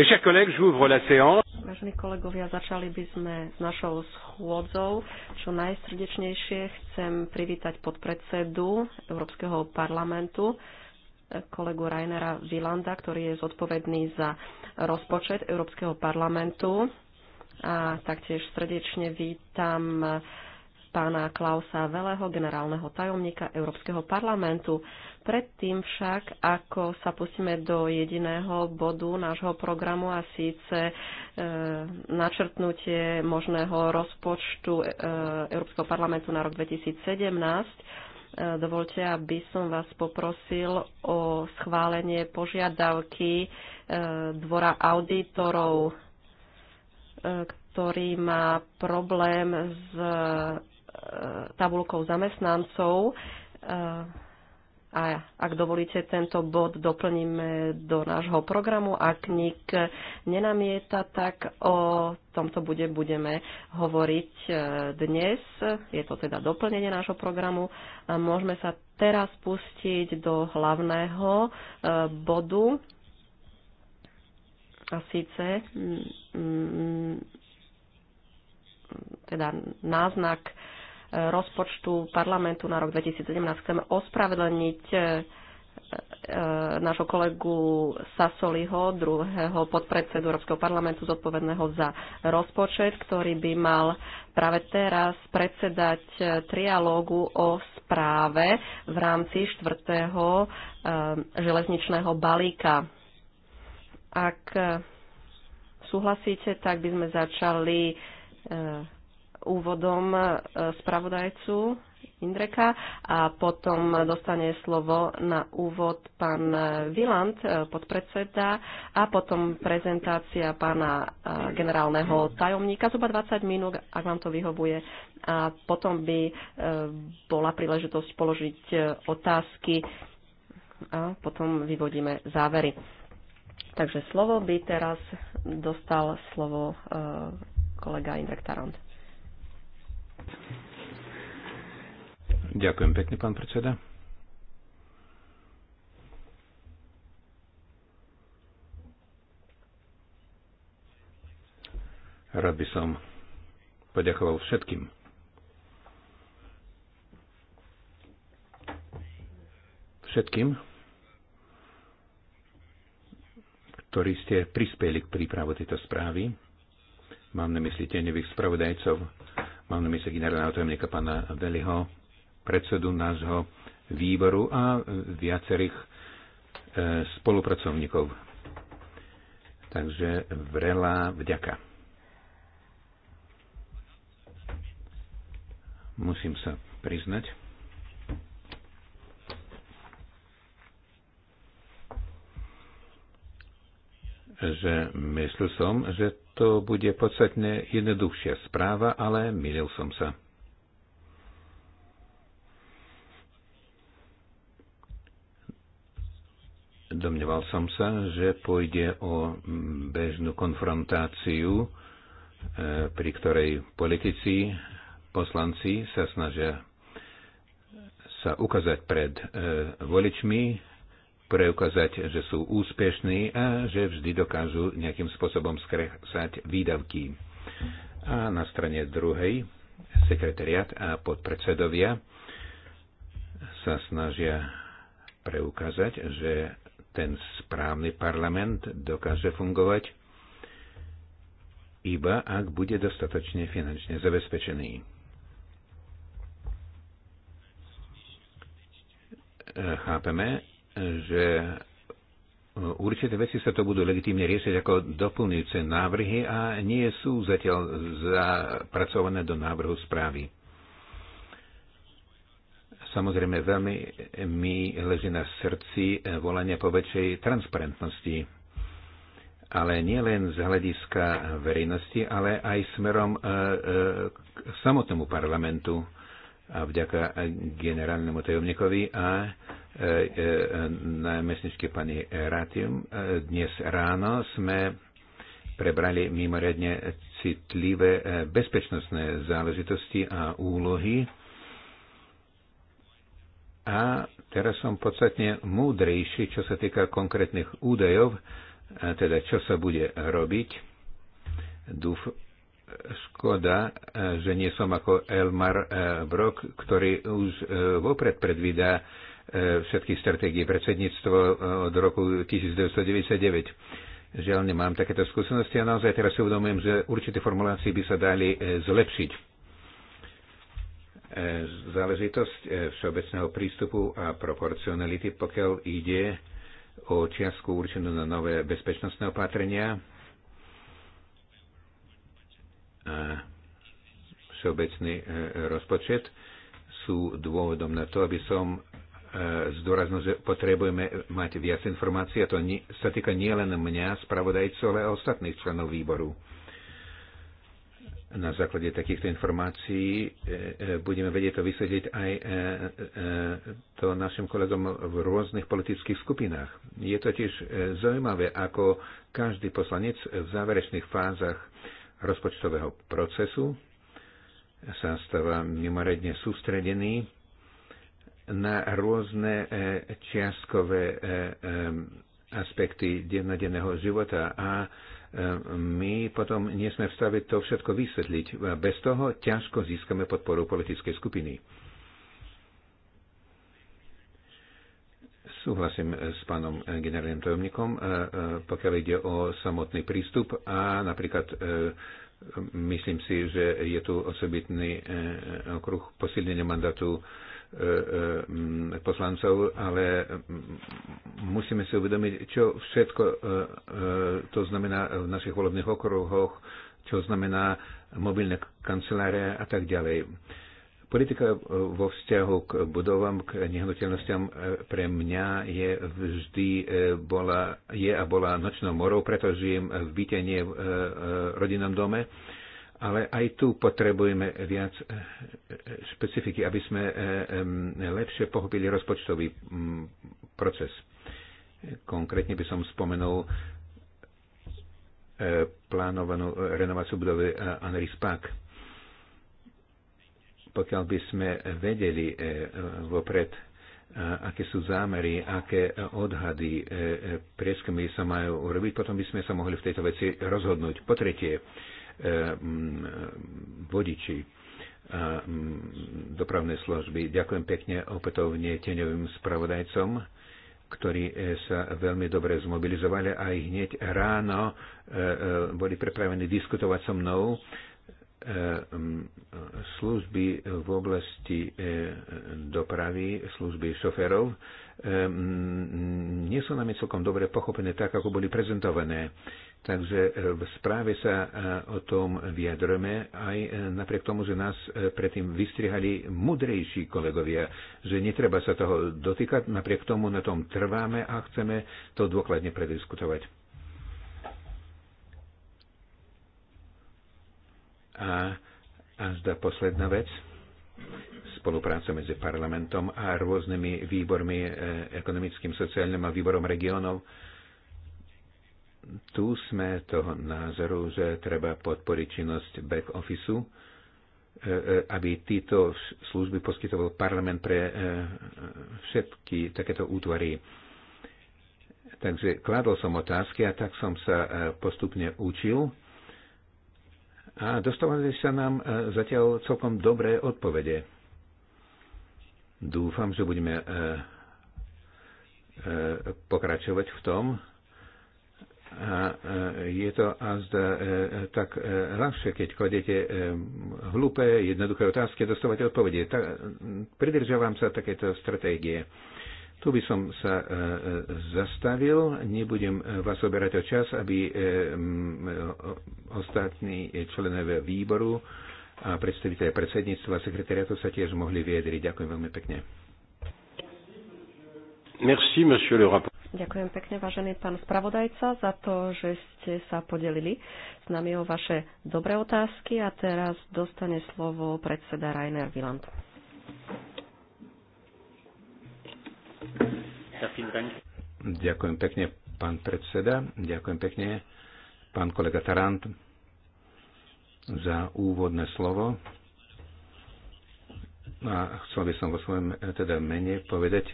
Mes chers collègues, j'ouvre la séance. Vážení kolegovia, začali by sme s našou schôdzou. Čo najsrdečnejšie chcem privítať podpredsedu Európskeho parlamentu, kolegu Rainera Vilanda, ktorý je zodpovedný za rozpočet Európskeho parlamentu. A taktiež srdečne vítam pána Klausa Veleho, generálneho tajomníka Európskeho parlamentu. Predtým však, ako sa pustíme do jediného bodu nášho programu a síce e, načrtnutie možného rozpočtu e, Európskeho parlamentu na rok 2017, e, dovolte, aby som vás poprosil o schválenie požiadavky e, Dvora auditorov, e, ktorý má problém s tabulkou zamestnancov. A ak dovolíte, tento bod doplníme do nášho programu. Ak nik nenamieta, tak o tomto bude budeme hovoriť e, dnes. Je to teda doplnenie nášho programu. A môžeme sa teraz pustiť do hlavného e, bodu. A síce teda náznak rozpočtu parlamentu na rok 2017 chceme ospravedlniť e, e, nášho kolegu Sasoliho, druhého podpredsedu Európskeho parlamentu zodpovedného za rozpočet, ktorý by mal práve teraz predsedať e, trialógu o správe v rámci štvrtého železničného balíka. Ak súhlasíte, tak by sme začali úvodom e, spravodajcu Indreka a potom dostane slovo na úvod pán Viland, e, podpredseda a potom prezentácia pána e, generálneho tajomníka, zhruba 20 minút, ak vám to vyhovuje. A potom by bola príležitosť položiť otázky a potom vyvodíme závery. Takže slovo by teraz dostal slovo kolega Indrek Tarant. Ďakujem pekne, pán predseda. Rád by som poďakoval všetkým. Všetkým, ktorí ste prispeli k prípravu tejto správy. Mám na mysli tenevých spravodajcov, Mám na mysle generálneho tajomníka pána Veliho, predsedu nášho výboru a viacerých e, spolupracovníkov. Takže vrelá vďaka. Musím sa priznať, že myslel som, že to bude podstatne jednoduchšia správa, ale milil som sa. Domneval som sa, že pôjde o bežnú konfrontáciu, e, pri ktorej politici, poslanci sa snažia sa ukázať pred e, voličmi, preukázať, že sú úspešní a že vždy dokážu nejakým spôsobom skresať výdavky. A na strane druhej sekretariat a podpredsedovia sa snažia preukázať, že ten správny parlament dokáže fungovať iba ak bude dostatočne finančne zabezpečený. E, chápeme, že e, určité veci sa to budú legitímne riešiť ako doplňujúce návrhy a nie sú zatiaľ zapracované do návrhu správy. Samozrejme, veľmi mi leží na srdci volanie po väčšej transparentnosti, ale nie len z hľadiska verejnosti, ale aj smerom e, e, k samotnému parlamentu a vďaka generálnemu tajomníkovi a E, e, na mesničke pani Ratium. E, dnes ráno sme prebrali mimoriadne citlivé bezpečnostné záležitosti a úlohy. A teraz som podstatne múdrejší, čo sa týka konkrétnych údajov, teda čo sa bude robiť. Dúf, škoda, že nie som ako Elmar Brock, ktorý už vopred predvídá všetky stratégie predsedníctvo eh, od roku 1999. Žiaľ, nemám takéto skúsenosti a naozaj teraz si uvedomujem, že určité formulácie by sa dali eh, zlepšiť. Eh, záležitosť všeobecného prístupu a proporcionality, pokiaľ ide o čiastku určenú na nové bezpečnostné opatrenia, a všeobecný rozpočet sú dôvodom na to, aby som zdôrazno, že potrebujeme mať viac informácií a to nie, sa týka nielen mňa, spravodajcov, ale aj ostatných členov výboru. Na základe takýchto informácií e, e, budeme vedieť to vysvetliť aj e, to našim kolegom v rôznych politických skupinách. Je totiž zaujímavé, ako každý poslanec v záverečných fázach rozpočtového procesu sa stáva mimoriadne sústredený na rôzne e, čiastkové e, e, aspekty dennodenného života a my potom nie sme v stave to všetko vysvetliť. Bez toho ťažko získame podporu politickej skupiny. Súhlasím s pánom generálnym tajomníkom, pokiaľ ide o samotný prístup a napríklad myslím si, že je tu osobitný okruh posilnenia mandátu E, e, mm, poslancov, ale mm, musíme si uvedomiť, čo všetko e, to znamená v našich volebných okruhoch, čo znamená mobilné kancelárie a tak ďalej. Politika vo vzťahu k budovám, k nehnuteľnostiam pre mňa je vždy bola, je a bola nočnou morou, pretože žijem v byte, nie v rodinnom dome ale aj tu potrebujeme viac eh, eh, špecifiky, aby sme eh, lepšie pochopili rozpočtový mm, proces. Konkrétne by som spomenul plánovanú renováciu budovy Anris Park. Pokiaľ by sme vedeli vopred, aké sú zámery, aké odhady, prieskumy sa majú urobiť, potom by sme sa mohli v tejto veci rozhodnúť. Po tretie, Eh, mm, vodiči a eh, mm, dopravnej služby. Ďakujem pekne opätovne tieňovým spravodajcom, ktorí eh, sa veľmi dobre zmobilizovali a aj hneď ráno boli pripravení diskutovať so mnou mm, služby v oblasti dopravy, služby šoferov nie sú nami celkom dobre pochopené tak, ako boli prezentované. Takže e, v správe sa e, o tom vyjadrujeme aj e, napriek tomu, že nás predtým vystrihali mudrejší kolegovia, že netreba sa toho dotýkať, napriek tomu na tom trváme a chceme to dôkladne prediskutovať. A až da posledná vec spolupráca medzi parlamentom a rôznymi výbormi, ekonomickým, sociálnym a výborom regionov tu sme toho názoru, že treba podporiť činnosť back officeu, e, e, aby títo služby poskytoval parlament pre e, všetky takéto útvary. Takže kladol som otázky a tak som sa postupne učil a dostávali sa nám zatiaľ celkom dobré odpovede. Dúfam, že budeme pokračovať v tom, a e, je to azda e, tak e, ľahšie, keď chodíte hlúpe, jednoduché otázky, dostávate odpovede. Tak, pridržiavam sa takéto stratégie. Tu by som sa zastavil, nebudem vás oberať o čas, aby ostatní členové výboru a predstaviteľe predsedníctva a sekretariatu sa tiež mohli vyjadriť. Ďakujem veľmi pekne. Merci, monsieur le rapport. Ďakujem pekne, vážený pán spravodajca, za to, že ste sa podelili s nami o vaše dobré otázky a teraz dostane slovo predseda Rainer Wieland. Ďakujem pekne, pán predseda. Ďakujem pekne, pán kolega Tarant, za úvodné slovo. A chcel by som vo svojom eh, teda mene povedať,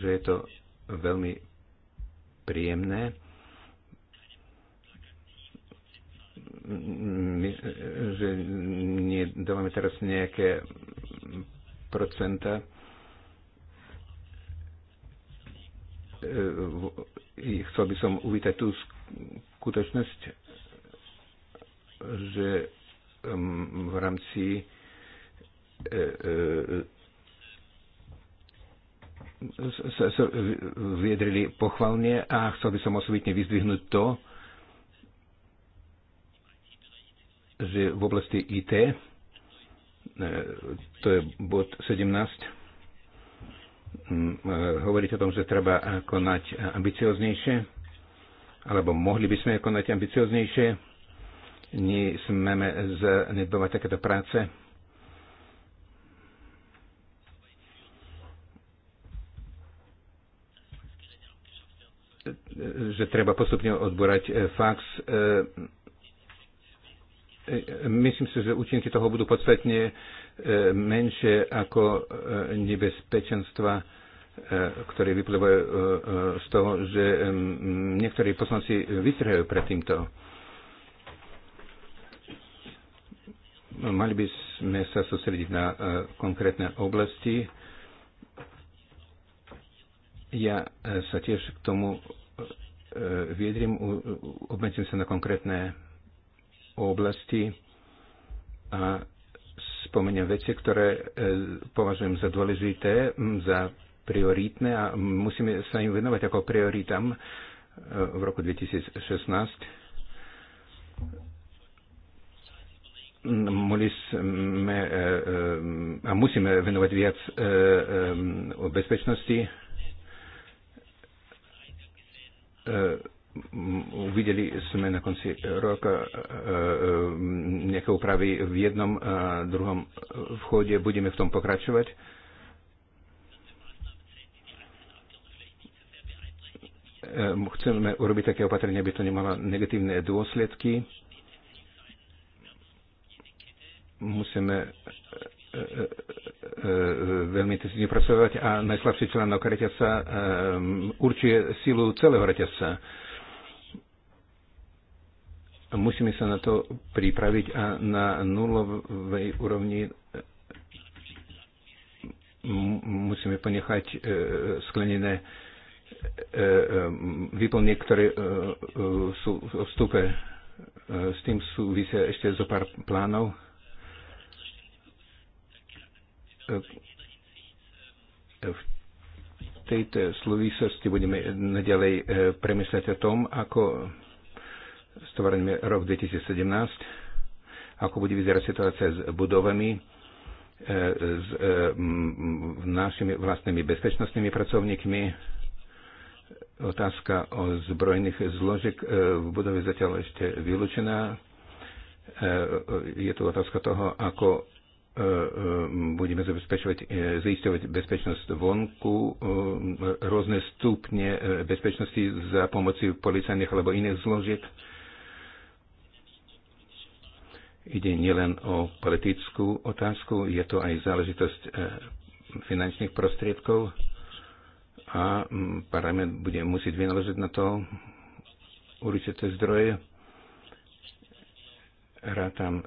že je to veľmi príjemné. My, že nie, dávame teraz nejaké procenta e, chcel by som uvítať tú skutočnosť, že v rámci e, e, sa, sa vyjadrili pochvalne a chcel by som osobitne vyzdvihnúť to, že v oblasti IT, e, to je bod 17, e, hovoriť o tom, že treba konať ambicioznejšie, alebo mohli by sme konať ambicioznejšie, sme zanedbovať takéto práce že treba postupne odborať e, fax. E, e, myslím si, že účinky toho budú podstatne menšie ako nebezpečenstva, ktoré vyplývajú z toho, že niektorí poslanci vystrhajú pred týmto. Mali by sme sa sústrediť na konkrétne oblasti. Ja sa tiež k tomu vyjadrím, obmedzím sa na konkrétne oblasti a spomeniem veci, ktoré e, považujem za dôležité, za prioritné a musíme sa im venovať ako prioritám e, v roku 2016. sme e, a musíme venovať viac o bezpečnosti E, uvideli sme na konci roka e, e, nejaké úpravy v jednom a druhom vchode. Budeme v tom pokračovať. Chceme urobiť také opatrenie, aby to nemalo negatívne dôsledky. Musíme veľmi intenzívne pracovať a najslabší členok reťazca ehm, určuje silu celého reťazca. Musíme sa na to pripraviť a na nulovej úrovni ehm, musíme ponechať ehm, sklenené výplne, ktoré sú v vstupe. S tým súvisia ešte zo pár plánov v tejto súvislosti budeme naďalej e, premyslieť o tom, ako stvárame rok 2017, ako bude vyzerať situácia s budovami, e, s e, našimi vlastnými bezpečnostnými pracovníkmi. Otázka o zbrojných zložek v budove zatiaľ ešte vylúčená. Je tu otázka toho, ako E, e, budeme zabezpečovať, e, zaisťovať bezpečnosť vonku, rôzne stupne bezpečnosti za pomoci policajných alebo iných zložiek. Ide nielen o politickú otázku, je to aj záležitosť finančných prostriedkov a parlament bude musieť vynaložiť na to určité zdroje. Rátam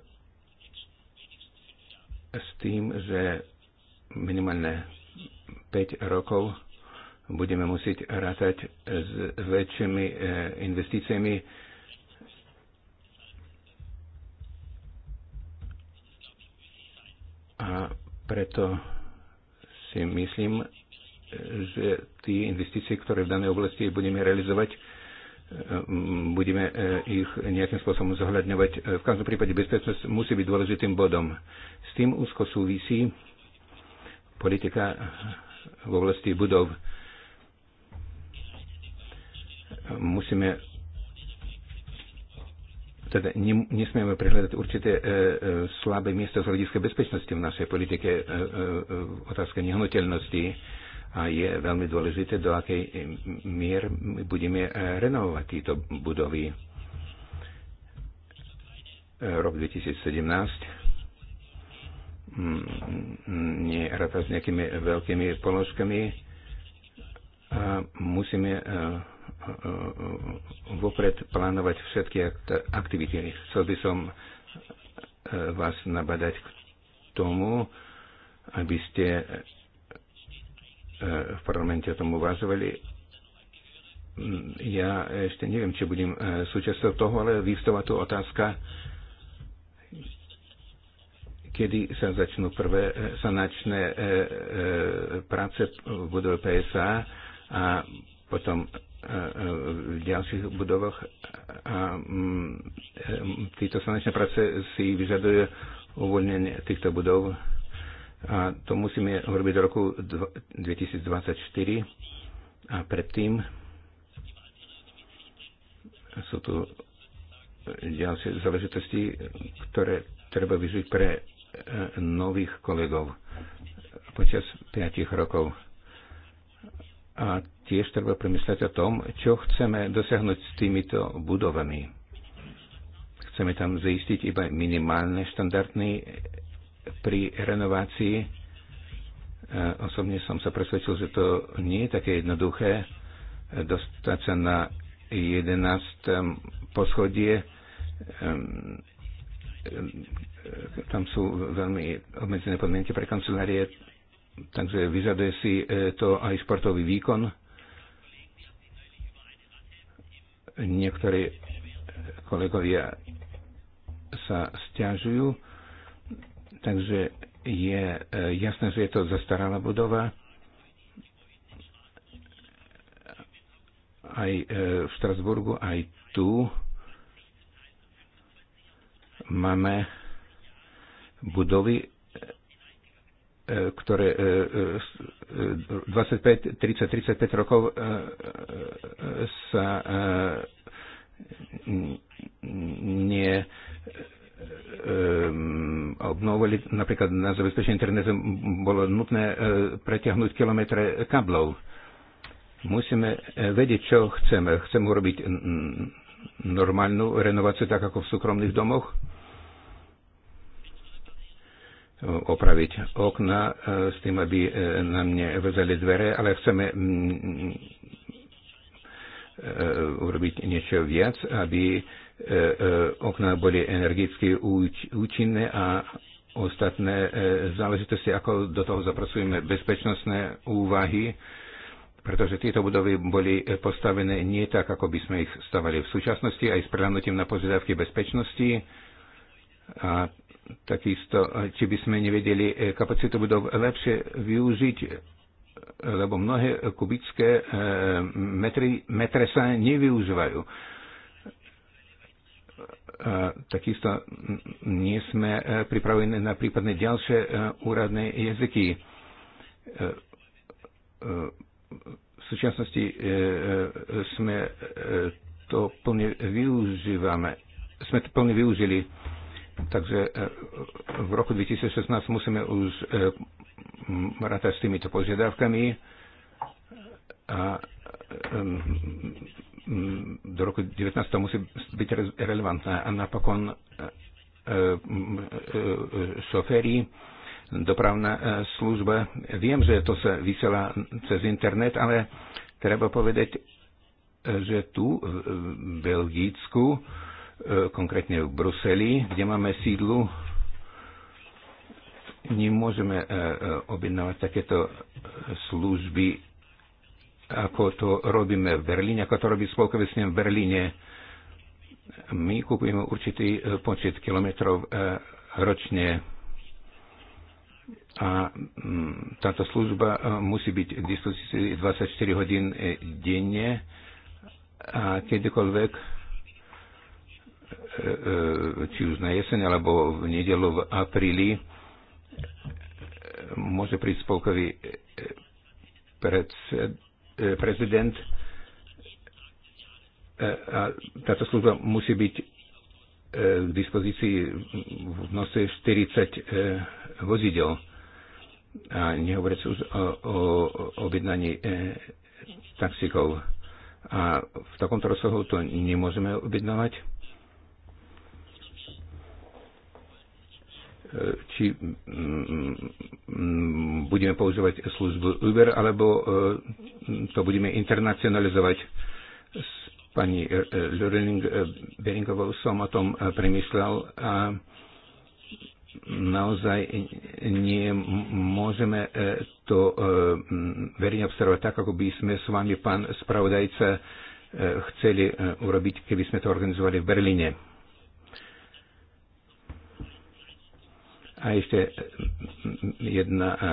s tým, že minimálne 5 rokov budeme musieť rátať s väčšími eh, investíciami a preto si myslím, že tie investície, ktoré v danej oblasti budeme realizovať, Ehm, budeme e, ich nejakým spôsobom zohľadňovať. E, v každom prípade bezpečnosť musí byť dôležitým bodom. S tým úzko súvisí politika v oblasti budov. Musíme teda nesmieme prehľadať určité e, e, slabé miesto z hľadiska bezpečnosti v našej politike e, e, e otázka nehnuteľnosti. E, a je veľmi dôležité, do akej mier budeme eh, renovovať tieto budovy. Eh, rok 2017 mm, neráta s nejakými veľkými položkami a musíme eh, vopred plánovať všetky aktivity. Chcel by som vás nabadať k tomu, aby ste Eh, v parlamente o tom uvažovali. Mm, ja ešte neviem, či budem eh, súčasťou toho, ale vyvstáva tu otázka, kedy sa začnú prvé eh, sanačné práce v budove PSA a potom v ďalších budovách. A mm, títo sanačné práce si vyžadujú uvoľnenie týchto budov a to musíme urobiť do roku 2024 a predtým sú tu ďalšie záležitosti, ktoré treba vyžiť pre e, nových kolegov počas 5 rokov. A tiež treba premyslieť o tom, čo chceme dosiahnuť s týmito budovami. Chceme tam zaistiť iba minimálne štandardný pri renovácii. E, osobne som sa presvedčil, že to nie je také jednoduché e, dostať sa na 11. E, poschodie. Tam sú veľmi obmedzené podmienky pre kancelárie, takže vyžaduje si to aj športový výkon. Niektorí kolegovia sa stiažujú, Takže je e, jasné, že je to zastaralá budova. Aj e, v Strasburgu, aj tu máme budovy, e, ktoré 25, 30, 35 rokov sa nie Ehm, obnovovali napríklad na zabezpečenie internetu, bolo nutné e, preťahnuť kilometre kablov. Musíme e, vedieť, čo chceme. Chceme urobiť normálnu renováciu, tak ako v súkromných domoch, opraviť okna e, s tým, aby na mne nevezali dvere, ale chceme urobiť niečo viac, aby E, e, okná boli energicky účinné a ostatné e, záležitosti, ako do toho zapracujeme bezpečnostné úvahy, pretože tieto budovy boli postavené nie tak, ako by sme ich stavali v súčasnosti, aj s prehľadnutím na požiadavky bezpečnosti a takisto, či by sme nevedeli kapacitu budov lepšie využiť, lebo mnohé kubické metry, metre sa nevyužívajú takisto nie sme e, pripravení na prípadne ďalšie e, úradné jazyky. E, v súčasnosti sme to plne využívame. Sme to plne využili. Takže v roku 2016 musíme už rátať s týmito požiadavkami a Mm, do roku 19. musí byť relevantná. A napokon soferi e, e, e, dopravná služba. Viem, že to sa vysiela cez internet, ale treba povedať, že tu v Belgicku, konkrétne v Bruseli, kde máme sídlu, nemôžeme objednávať takéto služby ako to robíme v Berlíne, ako to robí spolkový snem v Berlíne. My kupujeme určitý e, počet kilometrov e, ročne a mm, táto služba e, musí byť k dispozícii 24 hodín denne a kedykoľvek či už na jeseň alebo v nedelu v apríli môže prísť spolkový predsed, E, prezident e, a táto služba musí byť k e, dispozícii v množstve 40 vozidel. A nehovoriť už o, o objednaní e, taxikov. A v takomto rozsahu to nemôžeme objednávať. či mm, mm, budeme používať službu Uber, alebo e, to budeme internacionalizovať. S pani e, e, Lurening Beringovou som o tom premyslel a naozaj nie môžeme to verejne observovať tak, ako by sme s vami, pán spravodajca, chceli urobiť, keby sme to organizovali v Berlíne. a ešte jedna e, e,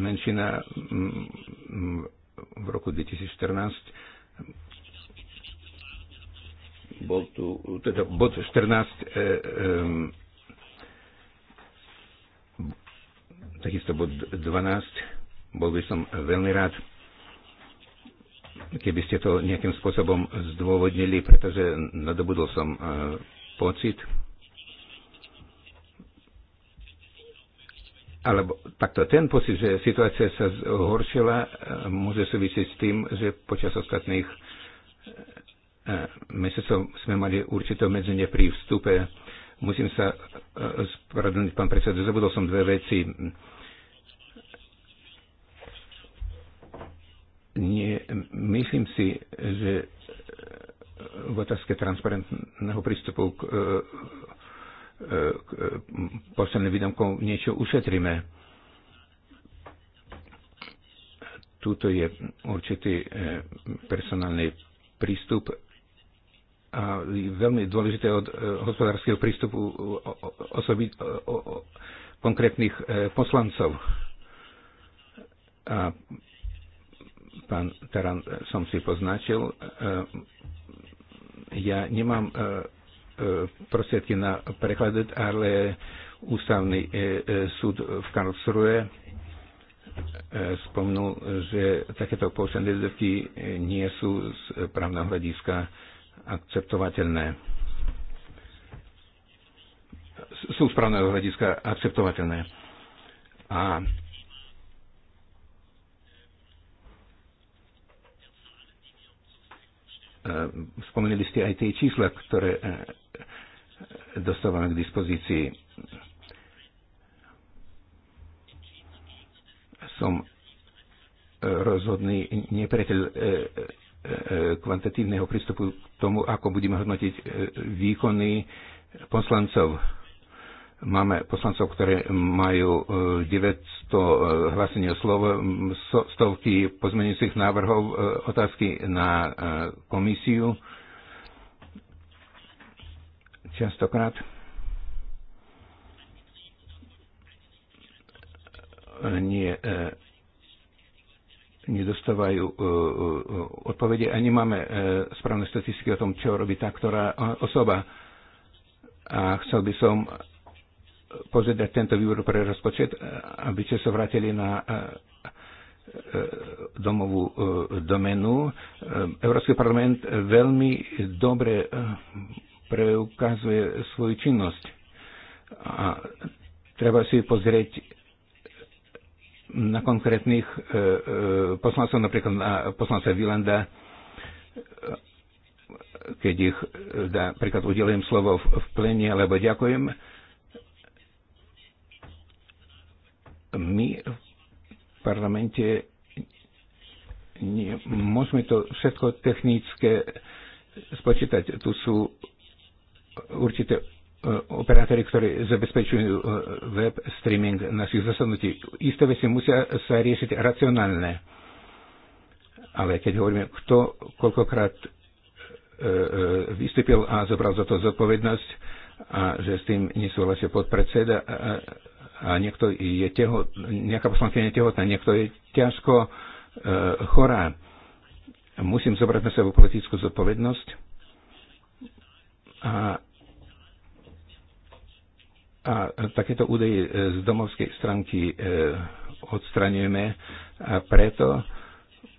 menšina v roku 2014 bol tu, teda bod 14 e, e, takisto bod 12 bol by som veľmi rád keby ste to nejakým spôsobom zdôvodnili, pretože nadobudol som e, pocit, alebo takto, ten pocit, že situácia sa zhoršila, e, môže súvisieť s tým, že počas ostatných e, e, mesiacov sme mali určité obmedzenie pri vstupe. Musím sa spravedlniť, pán predseda, zabudol som dve veci. Nie, myslím si, že v otázke transparentného prístupu k E, e, posledným výdomkom niečo ušetríme. Tuto je určitý e, personálny prístup a veľmi dôležité od hospodárskeho prístupu osobi, konkrétnych poslancov. A pán Taran som si poznačil, ja nemám prostriedky na preklad, ale ústavný e, e, súd v Karlsruhe e, spomnul, že takéto poučené výsledky nie sú z právneho hľadiska akceptovateľné. Sú z právneho hľadiska akceptovateľné. A E, spomenuli ste aj tie čísla, ktoré e, dostávame k dispozícii. Som e, rozhodný nepriateľ kvantitívneho prístupu k tomu, ako budeme hodnotiť výkony poslancov Máme poslancov, ktoré majú 900 e, e, hlásení o slovo, stovky pozmeňujúcich návrhov, e, otázky na komisiu. Častokrát nie, nedostávajú uh, uh, odpovede a nemáme správne statistiky o tom, čo robí tá ktorá osoba. A chcel by som, požiadať tento výbor pre rozpočet, eh, aby ste sa vrátili na eh, eh, domovú domenu. Európsky parlament veľmi dobre preukazuje svoju činnosť. A treba si pozrieť na konkrétnych poslancov, napríklad na poslanca Vilanda, keď ich, napríklad udelujem slovo v plene, alebo ďakujem, My v parlamente môžeme to všetko technické spočítať. Tu sú určité e, operátory, ktorí zabezpečujú e, web streaming našich zasadnutí. Isté veci musia sa riešiť racionálne. Ale keď hovoríme, kto koľkokrát e, vystúpil a zobral za to zodpovednosť a že s tým nesúhlasil podpredseda, a niekto je teho, nejaká poslankyňa je tehotná, niekto je ťažko e, chorá. Musím zobrať na sebou politickú zodpovednosť a, a takéto údaje e, z domovskej stránky e, odstraňujeme a preto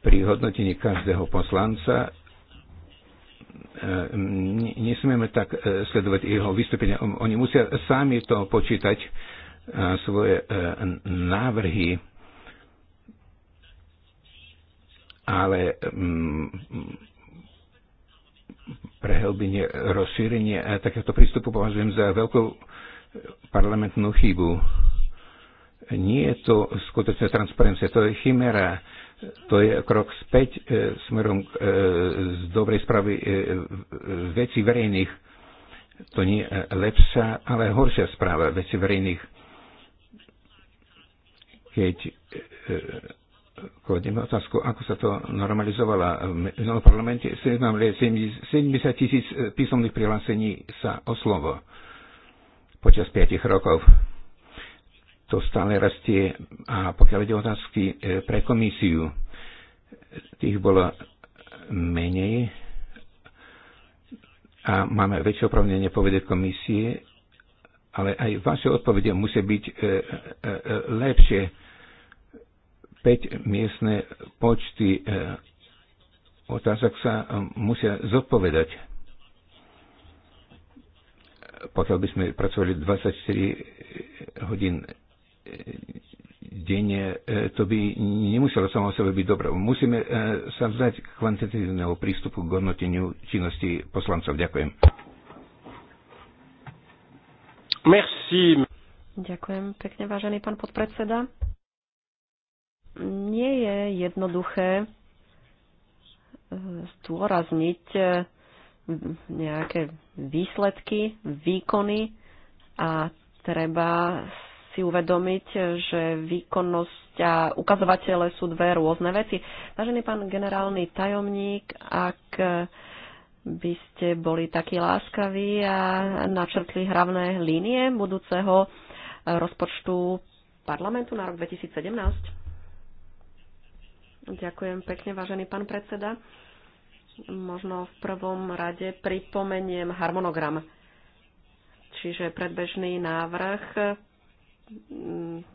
pri hodnotení každého poslanca e, nesmieme tak e, sledovať jeho vystúpenia. Oni musia sami to počítať svoje e, návrhy, ale prehlbenie, rozšírenie e, takéhoto prístupu považujem za veľkú parlamentnú chybu. Nie je to skutočná transparencia, to je chimera, to je krok späť e, smerom z dobrej správy veci verejných. To nie je lepšia, ale horšia správa veci verejných keď e, e, kladiem otázku, ako sa to normalizovala. V minulom parlamente mám 70 tisíc e, písomných prihlásení sa oslovo počas 5 rokov. To stále rastie. A pokiaľ ide otázky pre komisiu, tých bolo menej a máme väčšie opravnenie povedať komisie, ale aj vaše odpovede musia byť lepšie 5 miestne počty e, otázok sa e, musia zodpovedať. Pokiaľ by sme pracovali 24 e, hodín denne, to by nemuselo samo sebe byť dobré. Musíme sa vzdať kvantitívneho prístupu k hodnoteniu činnosti poslancov. Ďakujem. Merci. Ďakujem pekne, vážený pán podpredseda nie je jednoduché eh, zdôrazniť eh, nejaké výsledky, výkony a treba si uvedomiť, že výkonnosť a ukazovatele sú dve rôzne veci. Vážený pán generálny tajomník, ak eh, by ste boli takí láskaví a načrtli hlavné línie budúceho rozpočtu parlamentu na rok 2017. Ďakujem pekne, vážený pán predseda. Možno v prvom rade pripomeniem harmonogram. Čiže predbežný návrh 1. Mm,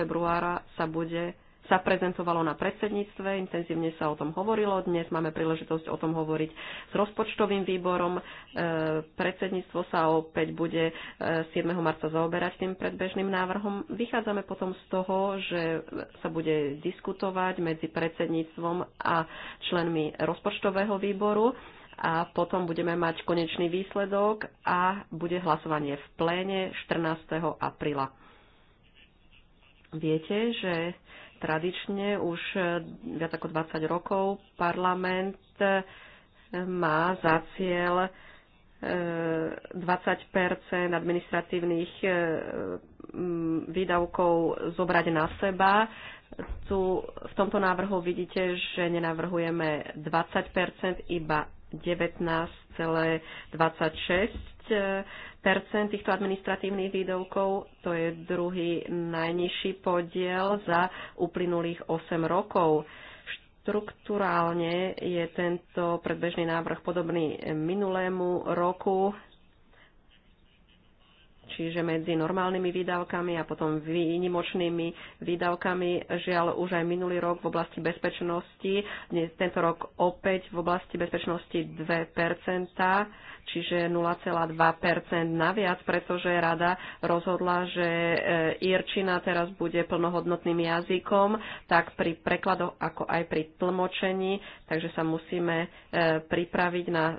februára sa bude sa prezentovalo na predsedníctve, intenzívne sa o tom hovorilo. Dnes máme príležitosť o tom hovoriť s rozpočtovým výborom. E, predsedníctvo sa opäť bude 7. E, marca zaoberať tým predbežným návrhom. Vychádzame potom z toho, že sa bude diskutovať medzi predsedníctvom a členmi rozpočtového výboru a potom budeme mať konečný výsledok a bude hlasovanie v pléne 14. apríla. Viete, že Tradične už e, viac ako 20 rokov parlament e, má za cieľ 20 e, administratívnych výdavkov zobrať na seba. Tu v tomto návrhu vidíte, že nenavrhujeme 20 iba 19,26 týchto administratívnych výdavkov. To je druhý najnižší podiel za uplynulých 8 rokov. Štruktúrálne je tento predbežný návrh podobný minulému roku Čiže medzi normálnymi výdavkami a potom výnimočnými výdavkami, žiaľ už aj minulý rok v oblasti bezpečnosti, tento rok opäť v oblasti bezpečnosti 2%, čiže 0,2% naviac, pretože rada rozhodla, že e, irčina teraz bude plnohodnotným jazykom, tak pri prekladoch ako aj pri tlmočení, takže sa musíme e, pripraviť na e,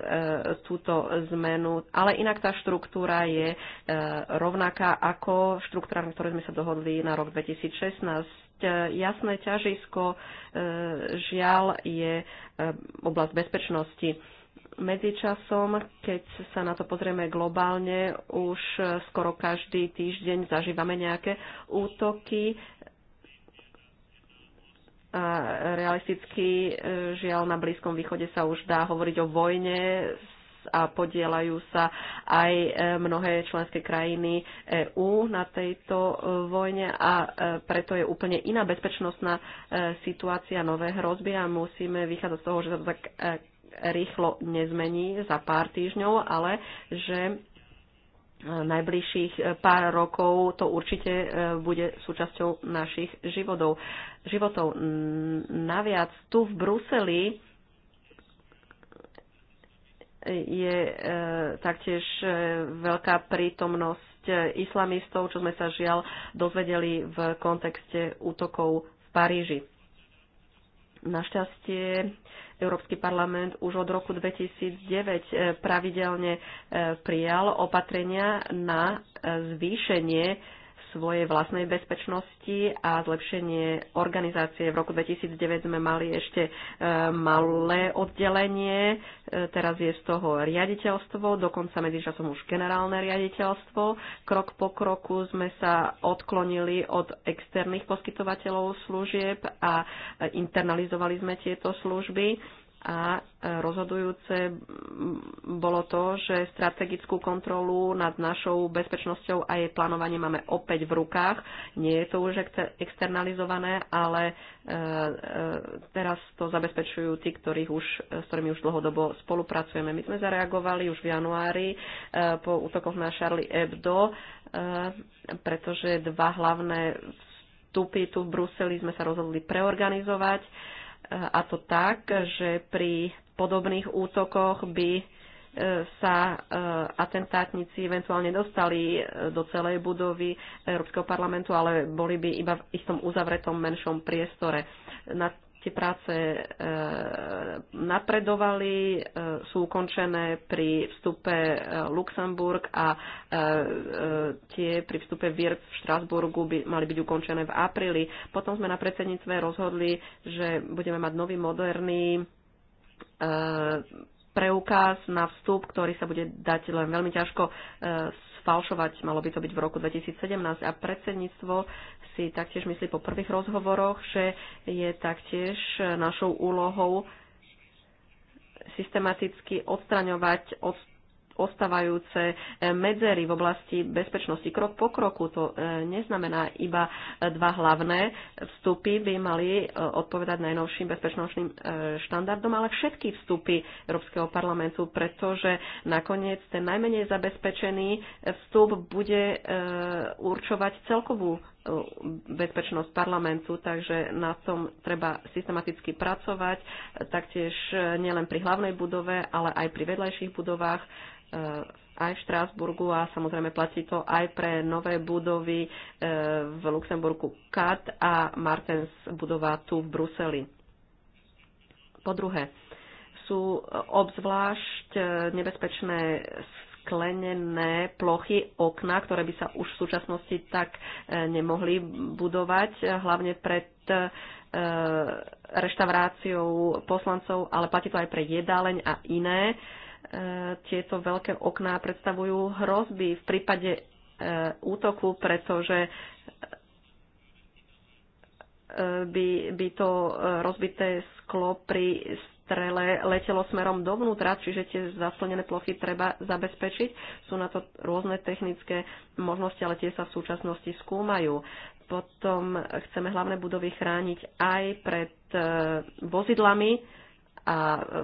túto zmenu. Ale inak tá štruktúra je rovnaká ako štruktúra, na ktorej sme sa dohodli na rok 2016. Jasné ťažisko e, žiaľ je e, oblasť bezpečnosti. Medzičasom, keď sa na to pozrieme globálne, už skoro každý týždeň zažívame nejaké útoky a realisticky e, žiaľ na Blízkom východe sa už dá hovoriť o vojne s a podielajú sa aj e, mnohé členské krajiny EÚ na tejto e, vojne a e, preto je úplne iná bezpečnostná situácia, nové hrozby a musíme vychádzať z toho, že sa to tak rýchlo nezmení za pár týždňov, ale že najbližších pár rokov to určite bude súčasťou našich životov. životov. Naviac tu v Bruseli je e, taktiež e, veľká prítomnosť e, islamistov, čo sme sa žiaľ dozvedeli v kontexte útokov v Paríži. Našťastie Európsky parlament už od roku 2009 pravidelne prijal opatrenia na zvýšenie svojej vlastnej bezpečnosti a zlepšenie organizácie. V roku 2009 sme mali ešte e, malé oddelenie, e, teraz je z toho riaditeľstvo, dokonca medzičasom už generálne riaditeľstvo. Krok po kroku sme sa odklonili od externých poskytovateľov služieb a e, internalizovali sme tieto služby a e, rozhodujúce bolo to, že strategickú kontrolu nad našou bezpečnosťou a jej plánovanie máme opäť v rukách. Nie je to už externalizované, ale e, e, teraz to zabezpečujú tí, ktorých už, s ktorými už dlhodobo spolupracujeme. My sme zareagovali už v januári po útokoch na Charlie Hebdo, pretože dva hlavné vstupy tu v Bruseli sme sa rozhodli preorganizovať a to tak, že pri podobných útokoch by e, sa e, atentátnici eventuálne dostali e, do celej budovy Európskeho parlamentu, ale boli by iba v istom uzavretom menšom priestore. Na Tie práce e, napredovali, e, sú ukončené pri vstupe e, Luxemburg a tie pri vstupe Vier v Štrasburgu by mali byť ukončené v apríli. Potom sme na predsedníctve rozhodli, že budeme mať nový moderný preukaz na vstup, ktorý sa bude dať len veľmi ťažko sfalšovať. Malo by to byť v roku 2017 a predsedníctvo si taktiež myslí po prvých rozhovoroch, že je taktiež našou úlohou systematicky odstraňovať odstraňovať ostávajúce e, medzery v oblasti bezpečnosti. Krok po kroku to e, neznamená iba dva hlavné vstupy by mali e, odpovedať najnovším bezpečnostným štandardom, ale všetky vstupy Európskeho parlamentu, pretože nakoniec ten najmenej zabezpečený vstup bude určovať celkovú bezpečnosť parlamentu, takže na tom treba systematicky pracovať, taktiež nielen pri hlavnej budove, ale aj pri vedľajších budovách, eh, aj v Štrásburgu a samozrejme platí to aj pre nové budovy eh, v Luxemburgu KAT a Martens budova tu v Bruseli. Po druhé, sú obzvlášť eh, nebezpečné sklenené plochy okna, ktoré by sa už v súčasnosti tak e, nemohli budovať, hlavne pred e, reštauráciou poslancov, ale platí to aj pre jedáleň a iné. E, tieto veľké okná predstavujú hrozby v prípade útoku, pretože by, by to rozbité sklo pri strele letelo smerom dovnútra, čiže tie zaslnené plochy treba zabezpečiť. Sú na to rôzne technické možnosti, ale tie sa v súčasnosti skúmajú. Potom chceme hlavné budovy chrániť aj pred eh, vozidlami a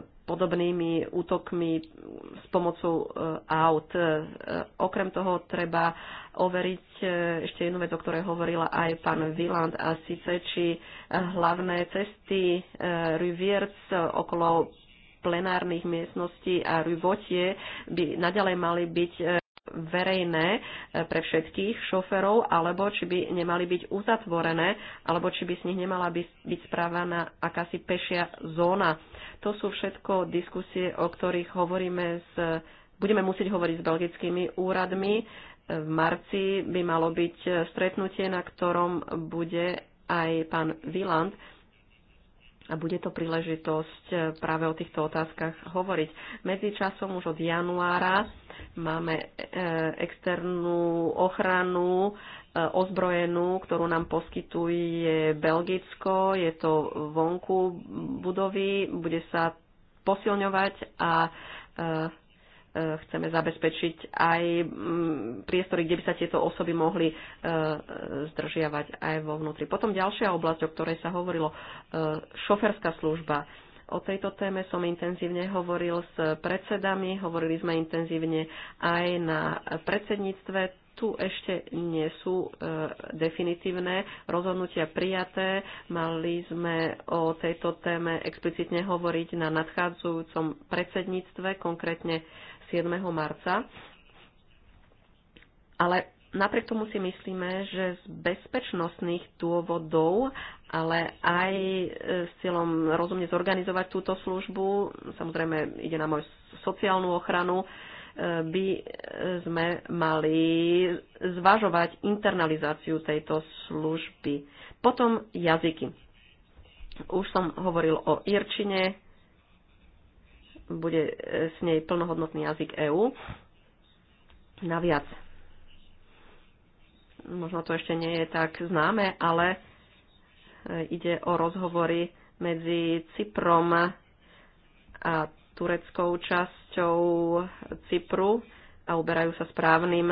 eh, podobnými útokmi s pomocou e, aut. E, okrem toho treba overiť e, ešte jednu vec, o ktorej hovorila aj pán Viland, a síce či hlavné cesty Riviers okolo plenárnych miestností a Ruvotie by naďalej mali byť verejné e, pre všetkých šoferov, alebo či by nemali byť uzatvorené, alebo či by z nich nemala by, byť správaná akási pešia zóna. To sú všetko diskusie, o ktorých hovoríme s, budeme musieť hovoriť s belgickými úradmi. E, v marci by malo byť stretnutie, na ktorom bude aj pán Viland, a bude to príležitosť e, práve o týchto otázkach hovoriť. Medzi časom už od januára máme e, externú ochranu e, ozbrojenú, ktorú nám poskytuje Belgicko. Je to vonku budovy, bude sa posilňovať a E, chceme zabezpečiť aj mm, priestory, kde by sa tieto osoby mohli e, zdržiavať aj vo vnútri. Potom ďalšia oblasť, o ktorej sa hovorilo, e, šoferská služba. O tejto téme som intenzívne hovoril s predsedami, hovorili sme intenzívne aj na predsedníctve. Tu ešte nie sú e, definitívne rozhodnutia prijaté. Mali sme o tejto téme explicitne hovoriť na nadchádzajúcom predsedníctve, konkrétne 7. marca. Ale napriek tomu si myslíme, že z bezpečnostných dôvodov, ale aj e, s cieľom rozumne zorganizovať túto službu, samozrejme ide na moju sociálnu ochranu, e, by e, sme mali zvažovať internalizáciu tejto služby. Potom jazyky. Už som hovoril o Irčine, bude e, s nej plnohodnotný jazyk EÚ. Naviac, možno to ešte nie je tak známe, ale e, ide o rozhovory medzi Cyprom a tureckou časťou Cypru a uberajú sa správnym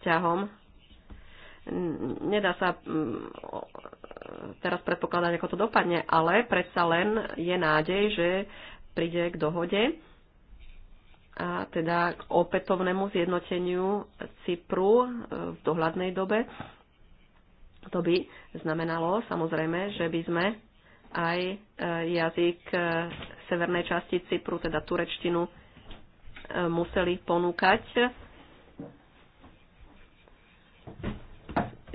vzťahom. Nedá sa mm, teraz predpokladať, ako to dopadne, ale predsa len je nádej, že príde k dohode a teda k opätovnému zjednoteniu Cypru e, v dohľadnej dobe. To by znamenalo samozrejme, že by sme aj e, jazyk e, severnej časti Cypru, teda turečtinu, museli ponúkať.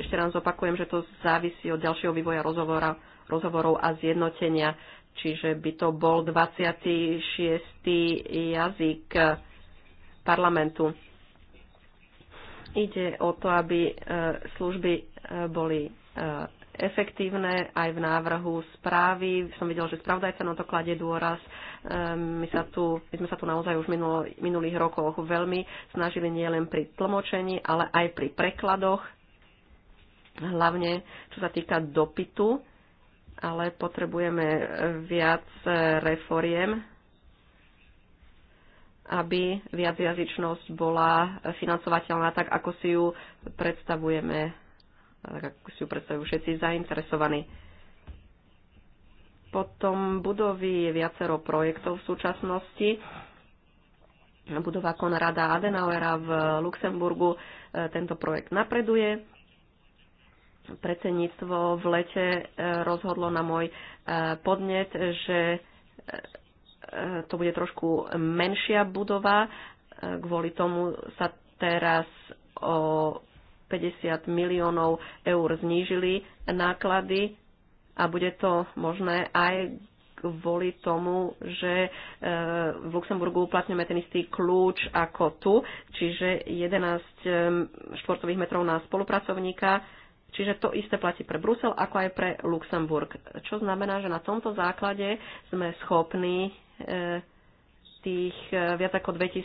Ešte raz opakujem, že to závisí od ďalšieho vývoja rozhovora, rozhovorov a zjednotenia čiže by to bol 26. jazyk parlamentu. Ide o to, aby e, služby e, boli e, efektívne aj v návrhu správy. Som videl, že spravodajca na to kladie dôraz. My, sa tu, my sme sa tu naozaj už v minulých rokoch veľmi snažili nielen pri tlmočení, ale aj pri prekladoch, hlavne čo sa týka dopytu ale potrebujeme viac reforiem, aby viacjazyčnosť bola financovateľná tak, ako si ju predstavujeme, tak ako si ju predstavujú všetci zainteresovaní. Potom budovy je viacero projektov v súčasnosti. Budova Konrada Adenauera v Luxemburgu. E, tento projekt napreduje predsedníctvo v lete e, rozhodlo na môj e, podnet, že e, to bude trošku menšia budova. Kvôli tomu sa teraz o 50 miliónov eur znížili náklady a bude to možné aj kvôli tomu, že v Luxemburgu uplatňujeme ten istý kľúč ako tu, čiže 11 štvorcových metrov na spolupracovníka Čiže to isté platí pre Brusel, ako aj pre Luxemburg. Čo znamená, že na tomto základe sme schopní e, tých e, viac ako 2000 e,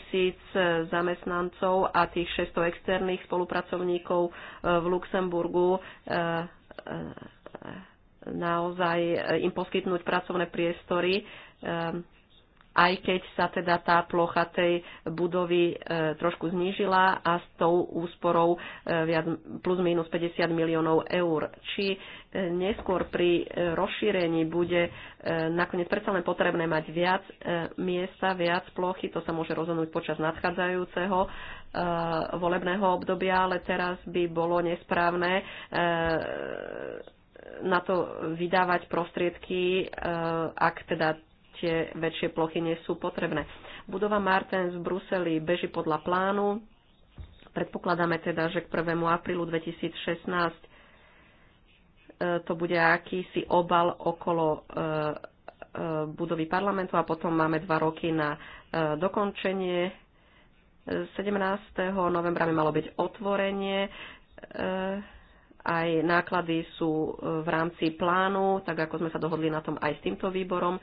zamestnancov a tých 600 externých spolupracovníkov v Luxemburgu naozaj im poskytnúť pracovné priestory aj keď sa teda tá plocha tej budovy e, trošku znížila a s tou úsporou e, viac, plus minus 50 miliónov eur. Či e, neskôr pri e, rozšírení bude e, nakoniec predsa len potrebné mať viac e, miesta, viac plochy, to sa môže rozhodnúť počas nadchádzajúceho e, volebného obdobia, ale teraz by bolo nesprávne e, na to vydávať prostriedky, e, ak teda tie väčšie plochy nie sú potrebné. Budova Martens v Bruseli beží podľa plánu. Predpokladáme teda, že k 1. aprílu 2016 e, to bude akýsi obal okolo e, e, budovy parlamentu a potom máme dva roky na dokončenie. 17. novembra by malo byť otvorenie. Aj náklady sú v rámci plánu, tak ako sme sa dohodli na tom aj s týmto výborom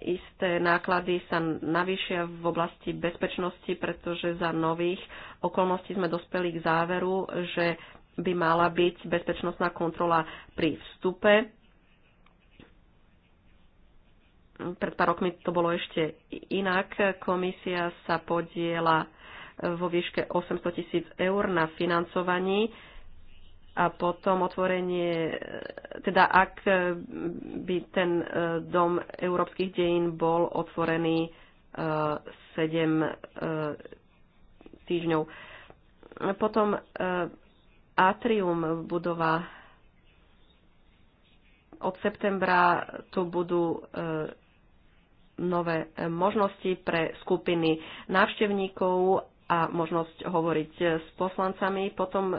isté náklady sa navýšia v oblasti bezpečnosti, pretože za nových okolností sme dospeli k záveru, že by mala byť bezpečnostná kontrola pri vstupe. Pred pár rokmi to bolo ešte inak. Komisia sa podiela vo výške 800 tisíc eur na financovaní a potom otvorenie, e, teda ak e, by ten e, dom európskych dejín bol otvorený 7 týždňov. Potom atrium budova od septembra tu budú nové možnosti pre skupiny návštevníkov a možnosť hovoriť s poslancami. Potom e, e,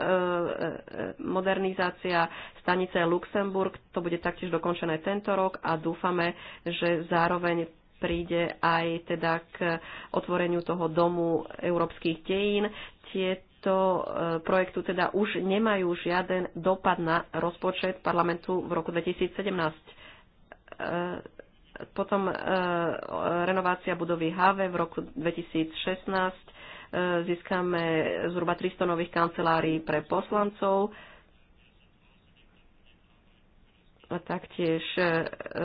modernizácia stanice Luxemburg, to bude taktiež dokončené tento rok a dúfame, že zároveň príde aj teda k otvoreniu toho domu európskych dejín. Tieto e, projektu teda už nemajú žiaden dopad na rozpočet parlamentu v roku 2017 potom renovácia budovy HV v roku 2016 získame zhruba 300 nových kancelárií pre poslancov, a taktiež e,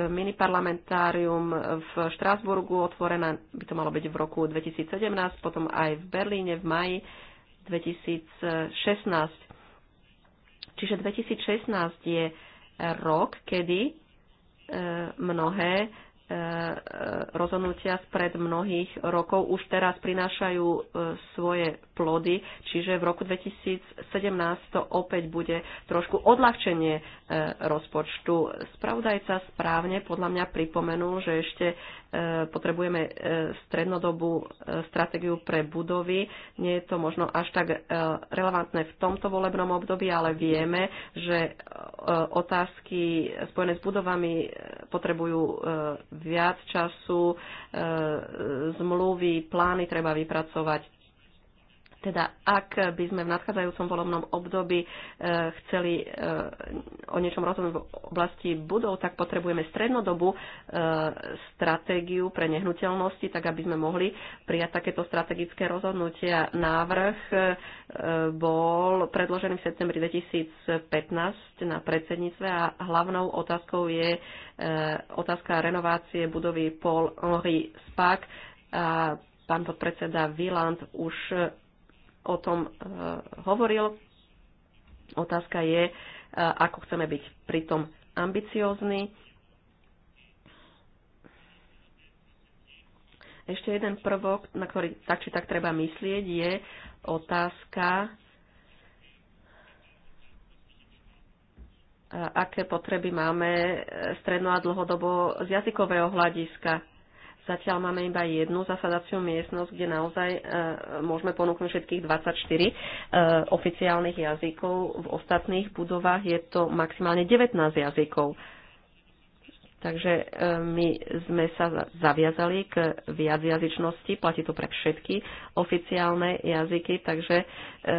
miniparlamentárium v Štrásburgu otvorené, by to malo byť v roku 2017, potom aj v Berlíne v maji 2016. Čiže 2016 je rok, kedy e, mnohé E, e, rozhodnutia spred mnohých rokov už teraz prinášajú e, svoje plody, čiže v roku 2017 to opäť bude trošku odľahčenie rozpočtu. Spravodajca správne podľa mňa pripomenul, že ešte potrebujeme strednodobú stratégiu pre budovy. Nie je to možno až tak relevantné v tomto volebnom období, ale vieme, že otázky spojené s budovami potrebujú viac času, e, e, zmluvy, plány treba vypracovať teda ak by sme v nadchádzajúcom volebnom období e, chceli e, o niečom rozhodnúť v oblasti budov, tak potrebujeme strednodobú e, stratégiu pre nehnuteľnosti, tak aby sme mohli prijať takéto strategické rozhodnutia. Návrh e, bol predložený v septembri 2015 na predsedníctve a hlavnou otázkou je e, otázka renovácie budovy Paul Henri Spak. A pán podpredseda Wieland už o tom e, hovoril. Otázka je, e, ako chceme byť pritom ambiciózni. Ešte jeden prvok, na ktorý tak či tak treba myslieť, je otázka, e, aké potreby máme stredno a dlhodobo z jazykového hľadiska Zatiaľ máme iba jednu zasadaciu miestnosť, kde naozaj e, môžeme ponúknuť všetkých 24 e, oficiálnych jazykov. V ostatných budovách je to maximálne 19 jazykov. Takže e, my sme sa zaviazali k viacjazyčnosti, platí to pre všetky oficiálne jazyky, takže e, e,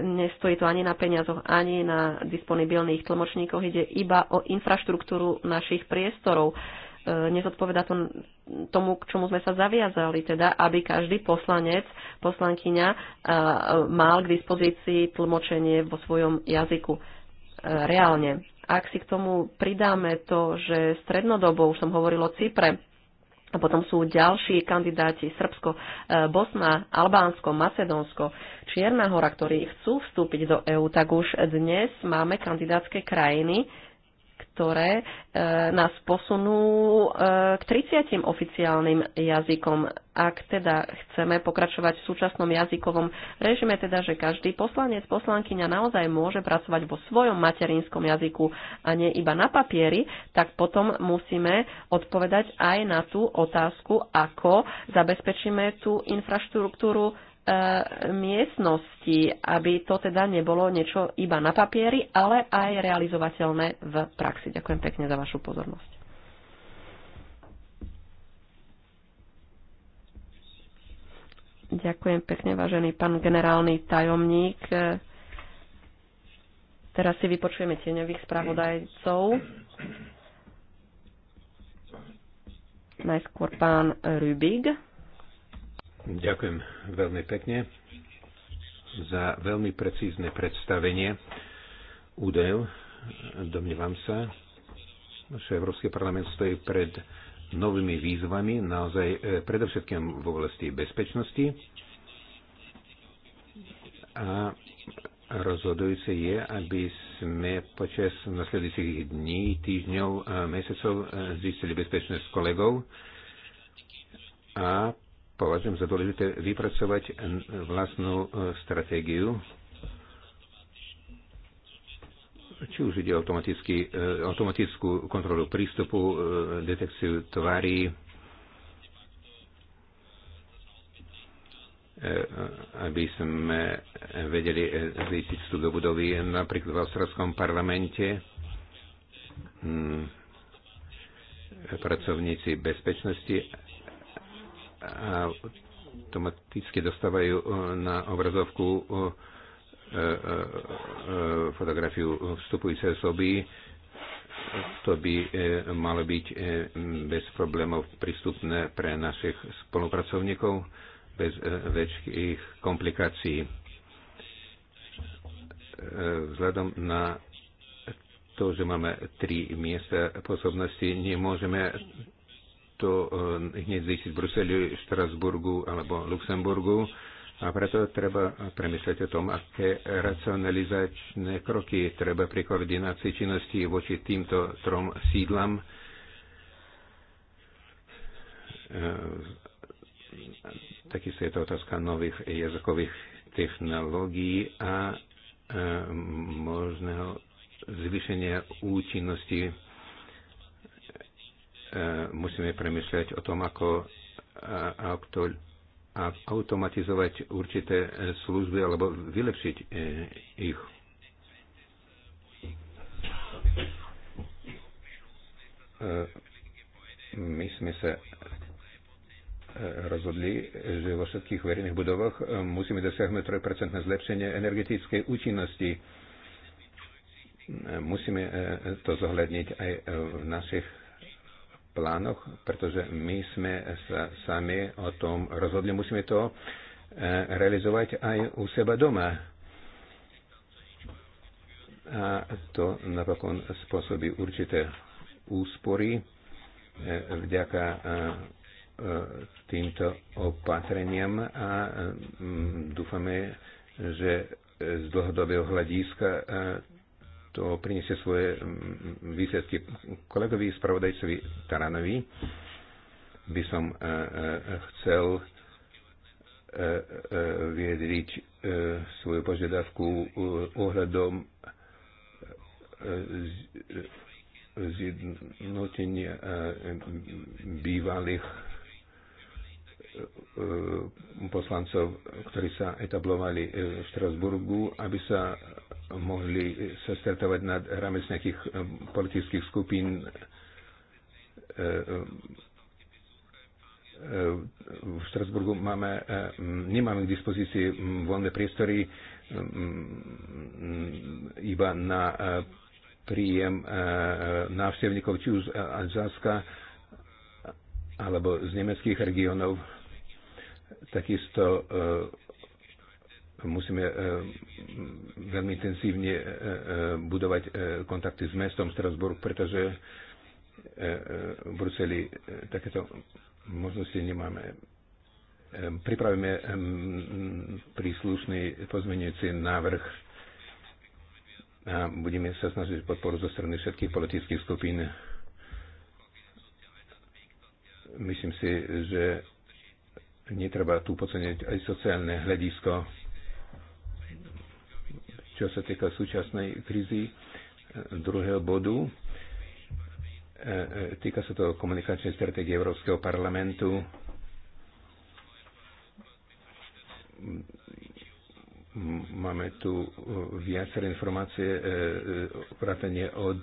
nestojí to ani na peniazoch, ani na disponibilných tlmočníkoch, ide iba o infraštruktúru našich priestorov. E, nezodpoveda to tomu, k čomu sme sa zaviazali, teda aby každý poslanec, poslankyňa e, mal k dispozícii tlmočenie vo svojom jazyku e, reálne. Ak si k tomu pridáme to, že strednodobo, už som hovoril o Cypre, a potom sú ďalší kandidáti Srbsko, e, Bosna, Albánsko, Macedónsko, Čierna hora, ktorí chcú vstúpiť do EÚ, tak už dnes máme kandidátske krajiny, ktoré e, nás posunú e, k 30 oficiálnym jazykom. Ak teda chceme pokračovať v súčasnom jazykovom režime, teda že každý poslanec, poslankyňa naozaj môže pracovať vo svojom materinskom jazyku a nie iba na papieri, tak potom musíme odpovedať aj na tú otázku, ako zabezpečíme tú infraštruktúru E, miestnosti, aby to teda nebolo niečo iba na papieri, ale aj realizovateľné v praxi. Ďakujem pekne za vašu pozornosť. Ďakujem pekne, vážený pán generálny tajomník. E, teraz si vypočujeme tieňových spravodajcov. Najskôr pán Rubig. Ďakujem veľmi pekne za veľmi precízne predstavenie údajov. Domnievam sa, že Európsky parlament stojí pred novými výzvami, naozaj e, predovšetkým v oblasti bezpečnosti. A rozhodujúce je, aby sme počas nasledujúcich dní, týždňov a mesiacov e, zistili bezpečnosť kolegov a považujem za dôležité vypracovať vlastnú e, stratégiu, či už ide o e, automatickú kontrolu prístupu, e, detekciu tvári, aby sme vedeli zistiť vstup do budovy napríklad v austrálskom parlamente. Hm. Pracovníci bezpečnosti automaticky dostávajú e, na obrazovku e, e, fotografiu vstupujúce osoby. To by malo byť bez problémov prístupné pre našich spolupracovníkov, bez väčších komplikácií. Vzhľadom na to, že máme tri miesta pôsobnosti, nemôžeme to eh, hneď zistiť v Bruseli, Štrasburgu alebo Luxemburgu. A preto treba premyslieť o tom, aké racionalizačné kroky treba pri koordinácii činnosti voči týmto trom sídlam eh, takisto je to otázka nových jazykových technológií a eh, možného zvýšenia účinnosti E, musíme premyšľať o tom, ako e, automatizovať určité e, služby alebo vylepšiť ich. My sme sa rozhodli, že vo všetkých verejných budovách musíme dosiahnuť 3% zlepšenie energetickej účinnosti. Musíme to zohľadniť aj v našich plánoch, pretože my sme sa sami o tom rozhodli. Musíme to e, realizovať aj u seba doma. A to napokon spôsobí určité úspory e, vďaka e, týmto opatreniam a dúfame, že z dlhodobého hľadiska to priniesie svoje mm, mm, výsledky. Kolegovi spravodajcovi Taranovi by som e, e, chcel e, vyjadriť svoju požiadavku ohľadom zjednotenia bývalých Eh, poslancov, ktorí sa etablovali eh, v Štrasburgu, aby sa mohli eh, sa stretovať nad rámec nejakých politických skupín v Štrasburgu máme, nemáme k dispozícii hm, voľné priestory hm, hm, iba na príjem návštevníkov či už z Alzáska alebo z nemeckých regiónov Takisto e, musíme e, veľmi intenzívne e, budovať kontakty s mestom Strasburg, pretože v Bruseli takéto možnosti nemáme. Pripravíme príslušný pozmeňujúci návrh a budeme sa snažiť podporu zo strany všetkých politických skupín. Myslím si, že netreba tu podceniať aj sociálne hľadisko. Čo sa týka súčasnej krízy, druhého bodu, e, e, týka sa to komunikačnej stratégie Európskeho parlamentu. Máme tu viaceré informácie, e, vrátane od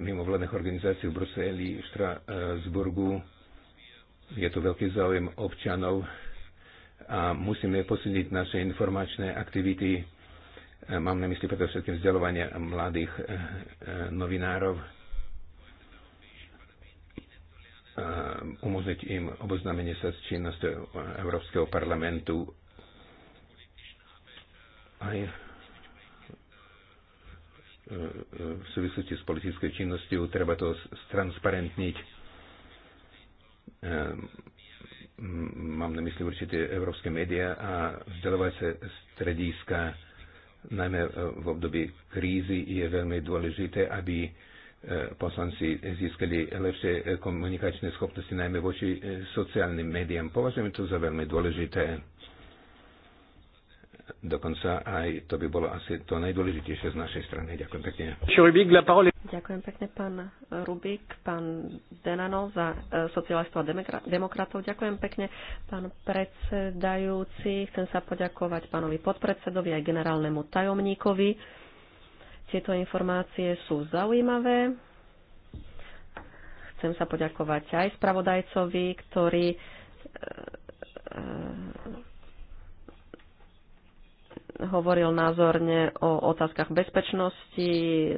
mimovládnych organizácií v Bruseli, v Štrasburgu, je tu veľký záujem občanov a musíme posilniť naše informačné aktivity. E, mám na mysli predovšetkým vzdelovanie mladých e, e, novinárov, umožniť im oboznámenie sa s činnosťou Európskeho parlamentu aj v súvislosti s politickou činnosťou treba to stransparentniť Ehm, mám na mysli určité európske médiá a vzdelávacie strediska, najmä eh, v období krízy, je veľmi dôležité, aby eh, poslanci získali lepšie eh, komunikačné schopnosti, najmä voči sociálnym médiám. Považujem to za veľmi dôležité. Dokonca aj to by bolo asi to najdôležitejšie z našej strany. Ďakujem pekne. Ďakujem pekne, pán Rubik, pán Denano za e, socialistov a demokratov. Ďakujem pekne, pán predsedajúci. Chcem sa poďakovať pánovi podpredsedovi aj generálnemu tajomníkovi. Tieto informácie sú zaujímavé. Chcem sa poďakovať aj spravodajcovi, ktorý e, e, hovoril názorne o otázkach bezpečnosti,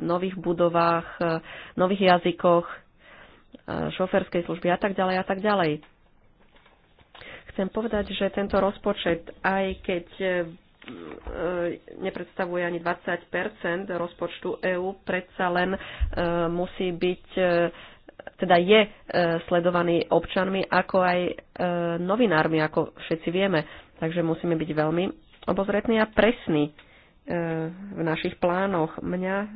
nových budovách, nových jazykoch, šoferskej služby a tak ďalej a tak ďalej. Chcem povedať, že tento rozpočet, aj keď e, nepredstavuje ani 20 rozpočtu EÚ, predsa len e, musí byť, e, teda je sledovaný občanmi, ako aj novinármi, ako všetci vieme. Takže musíme byť veľmi obozretný a presný e, v našich plánoch. Mňa, e,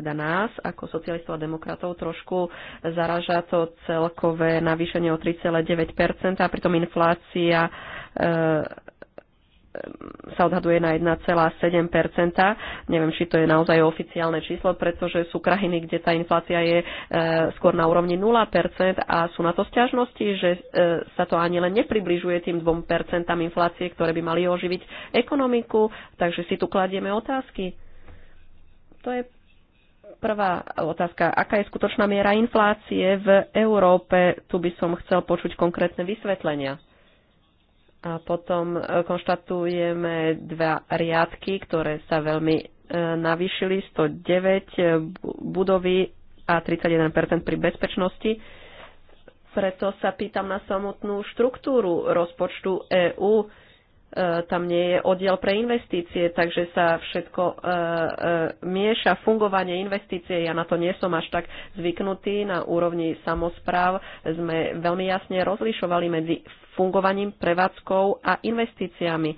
teda nás, ako socialistov a demokratov, trošku zaraža to celkové navýšenie o 3,9% a pritom inflácia e, Ehm, sa odhaduje na 1,7 Neviem, či to je naozaj oficiálne číslo, pretože sú krajiny, kde tá inflácia je ehm, skôr na úrovni 0 a sú na to stiažnosti, že ehm, sa to ani len nepribližuje tým 2 inflácie, ktoré by mali oživiť ekonomiku. Takže si tu kladieme otázky. To je prvá otázka. Aká je skutočná miera inflácie v Európe? Tu by som chcel počuť konkrétne vysvetlenia. A potom e, konštatujeme dva riadky, ktoré sa veľmi e, navýšili 109 e, budovy a 31% pri bezpečnosti. Preto sa pýtam na samotnú štruktúru rozpočtu EÚ. E, tam nie je oddiel pre investície, takže sa všetko e, e, mieša. Fungovanie investície, ja na to nie som až tak zvyknutý. Na úrovni samozpráv sme veľmi jasne rozlišovali medzi fungovaním, prevádzkou a investíciami.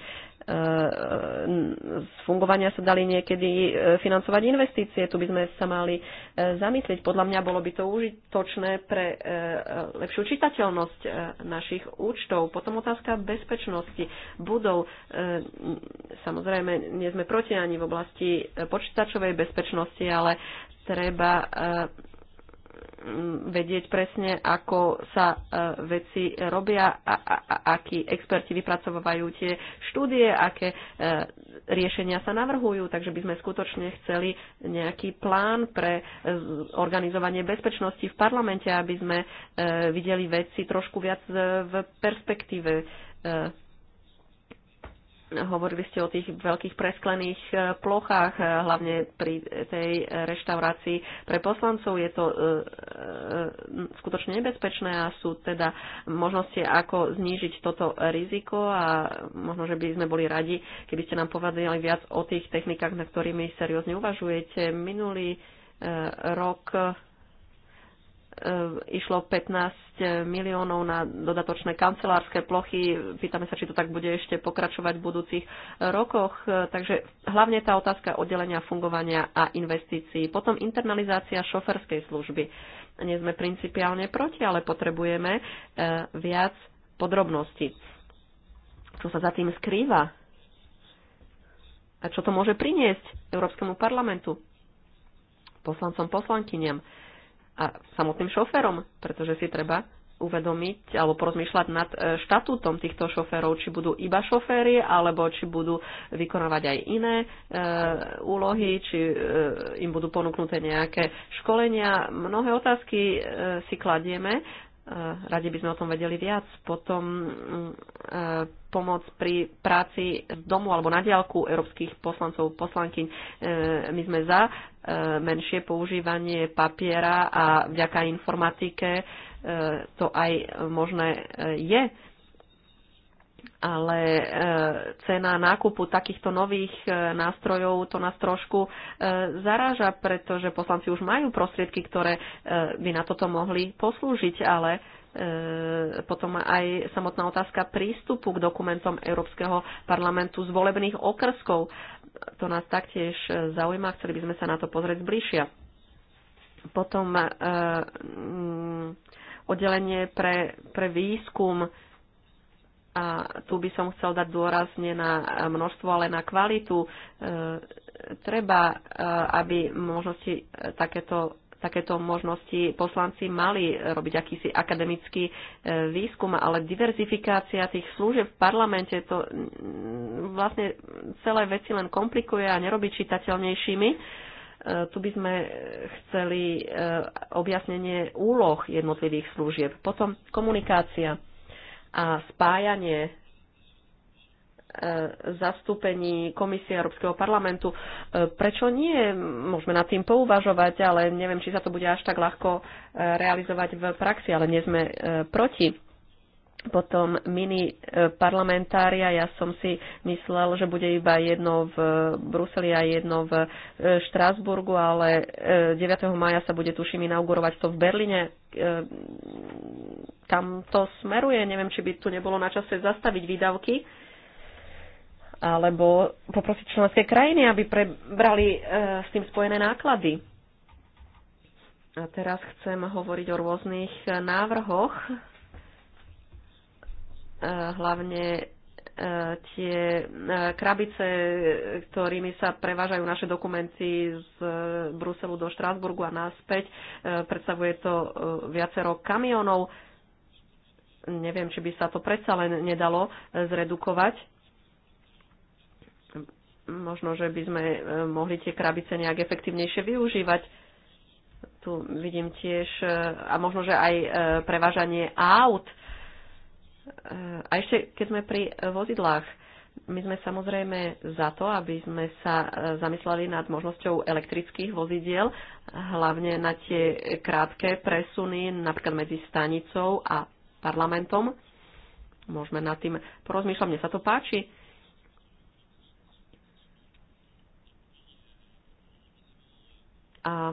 E, z fungovania sa dali niekedy e, financovať investície. Tu by sme sa mali e, zamyslieť. Podľa mňa bolo by to užitočné pre lepšiu čitateľnosť našich účtov. Potom otázka bezpečnosti budov. Samozrejme, nie sme proti ani v oblasti počítačovej bezpečnosti, ale treba vedieť presne, ako sa e, veci robia, a, a, a, akí experti vypracovajú tie štúdie, aké e, riešenia sa navrhujú. Takže by sme skutočne chceli nejaký plán pre e, organizovanie bezpečnosti v parlamente, aby sme videli veci trošku viac v perspektíve Hovorili ste o tých veľkých presklených e, plochách, e, hlavne pri tej reštaurácii. Pre poslancov je to e, skutočne nebezpečné a sú teda možnosti, ako znížiť toto riziko a možno, že by sme boli radi, keby ste nám povedali viac o tých technikách, na ktorými seriózne uvažujete. Minulý rok E, išlo 15 e, miliónov na dodatočné kancelárske plochy. Pýtame sa, či to tak bude ešte pokračovať v budúcich e, rokoch. Takže hlavne tá otázka oddelenia fungovania a investícií. Potom internalizácia šoferskej služby. Nie sme principiálne proti, ale potrebujeme viac podrobností. Čo sa za tým skrýva? A čo to môže priniesť Európskemu parlamentu? Poslancom, poslankyniam a samotným šoférom, pretože si treba uvedomiť alebo porozmýšľať nad e, štatútom týchto šoférov, či budú iba šoféry, alebo či budú vykonávať aj iné e, úlohy, či e, im budú ponúknuté nejaké školenia. Mnohé otázky e, si kladieme radi by sme o tom vedeli viac. Potom mm, e, pomoc pri práci z domu alebo na diálku európskych poslancov, poslankyň. E, my sme za e, menšie používanie papiera a vďaka informatike to aj možné je ale e, cena nákupu takýchto nových e, nástrojov to nás trošku e, zaráža, pretože poslanci už majú prostriedky, ktoré by na toto mohli poslúžiť, ale potom aj samotná otázka prístupu k dokumentom Európskeho parlamentu z volebných okrskov. To nás taktiež zaujíma, chceli by sme sa na to pozrieť zbližšia. Potom oddelenie pre, pre výskum a tu by som chcel dať dôrazne na množstvo, ale na kvalitu. E, treba, e, aby možnosti e, takéto takéto možnosti poslanci mali robiť akýsi akademický výskum, ale diverzifikácia tých služieb v parlamente to vlastne celé veci len komplikuje a nerobí čitateľnejšími. Tu by sme chceli objasnenie úloh jednotlivých služieb. Potom komunikácia a spájanie e, zastúpení Komisie Európskeho parlamentu. E, prečo nie? Môžeme nad tým pouvažovať, ale neviem, či sa to bude až tak ľahko e, realizovať v praxi, ale nie sme proti potom mini e, parlamentária. Ja som si myslel, že bude iba jedno v Bruseli a jedno v e, Štrásburgu, ale 9. E, maja sa bude, tuším, inaugurovať to v Berlíne. Tam to smeruje. Neviem, či by tu nebolo na čase zastaviť výdavky alebo poprosiť členské krajiny, aby prebrali s tým spojené náklady. A teraz chcem hovoriť o rôznych návrhoch hlavne e, tie e, krabice, ktorými sa prevážajú naše dokumenty z e, Bruselu do Štrásburgu a náspäť. Predstavuje to viacero kamionov. Neviem, či by sa to predsa len nedalo zredukovať. Možno, že by sme mohli tie krabice nejak efektívnejšie využívať. Tu vidím tiež, a možno, že aj prevážanie aut, a ešte, keď sme pri vozidlách, my sme samozrejme za to, aby sme sa e, zamysleli nad možnosťou elektrických vozidiel, hlavne na tie krátke presuny, napríklad medzi stanicou a parlamentom. Môžeme nad tým porozmýšľať, mne sa to páči. A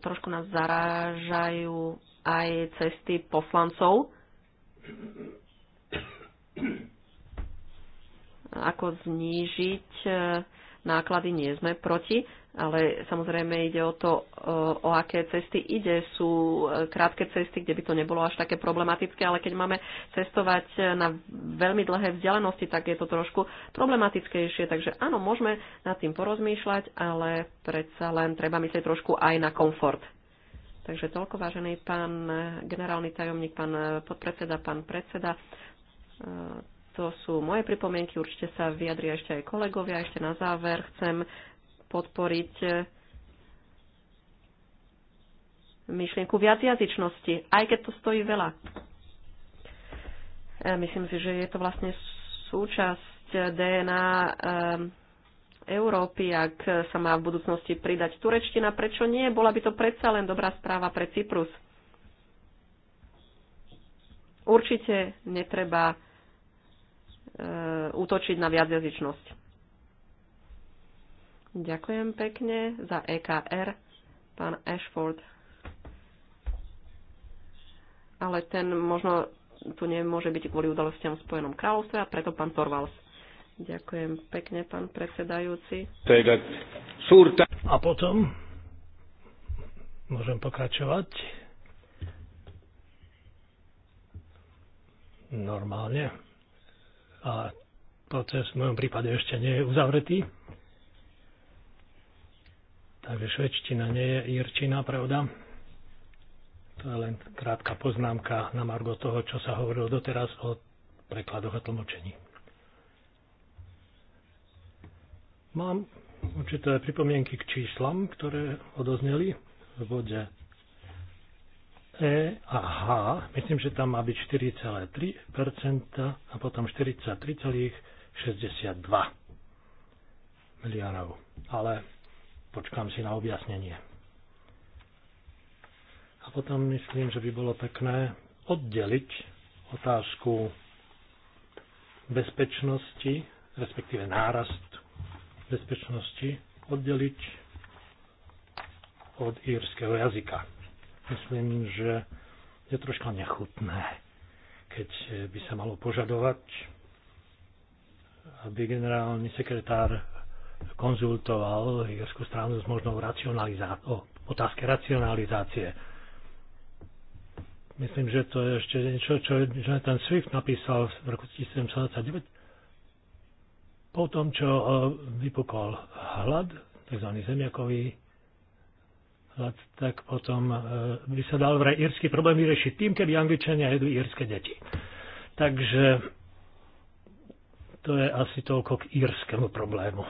trošku nás zarážajú aj cesty poslancov. Ako znížiť e, náklady nie sme proti, ale samozrejme ide o to, e, o aké cesty ide. Sú e, krátke cesty, kde by to nebolo až také problematické, ale keď máme cestovať na veľmi dlhé vzdialenosti, tak je to trošku problematickejšie. Takže áno, môžeme nad tým porozmýšľať, ale predsa len treba myslieť trošku aj na komfort. Takže toľko, vážený pán generálny tajomník, pán podpredseda, pán predseda. E, to sú moje pripomienky, určite sa vyjadria ešte aj kolegovia. Ešte na záver chcem podporiť e, myšlienku viacjazyčnosti, aj keď to stojí veľa. E, myslím si, že je to vlastne súčasť DNA Európy, ak sa má v budúcnosti pridať turečtina, prečo nie? Bola by to predsa len dobrá správa pre Cyprus. Určite netreba e, útočiť na viacjazyčnosť. Ďakujem pekne za EKR, pán Ashford. Ale ten možno tu nemôže byť kvôli udalostiam v Spojenom kráľovstve a preto pán Torvalds. Ďakujem pekne, pán predsedajúci. Teda a potom môžem pokračovať. Normálne. A proces v mojom prípade ešte nie je uzavretý. Takže švedština nie je irčina, pravda? To je len krátka poznámka na margo toho, čo sa hovorilo doteraz o prekladoch a tlmočení. Mám určité pripomienky k číslam, ktoré odozneli v bode E a H. Myslím, že tam má byť 4,3% a potom 43,62 miliónov. Ale počkám si na objasnenie. A potom myslím, že by bolo pekné oddeliť otázku bezpečnosti, respektíve nárast bezpečnosti oddeliť od írskeho jazyka. Myslím, že je troška nechutné, keď by sa malo požadovať, aby generálny sekretár konzultoval írskú stranu s možnou racionalizá- o otázke racionalizácie. Myslím, že to je ešte niečo, čo ten Swift napísal v roku 1729 po tom, čo e, vypukol hlad, tzv. zemiakový hlad, tak potom e, by sa dal vraj írsky problém vyriešiť tým, keby Angličania jedli írske deti. Takže to je asi toľko k írskému problému.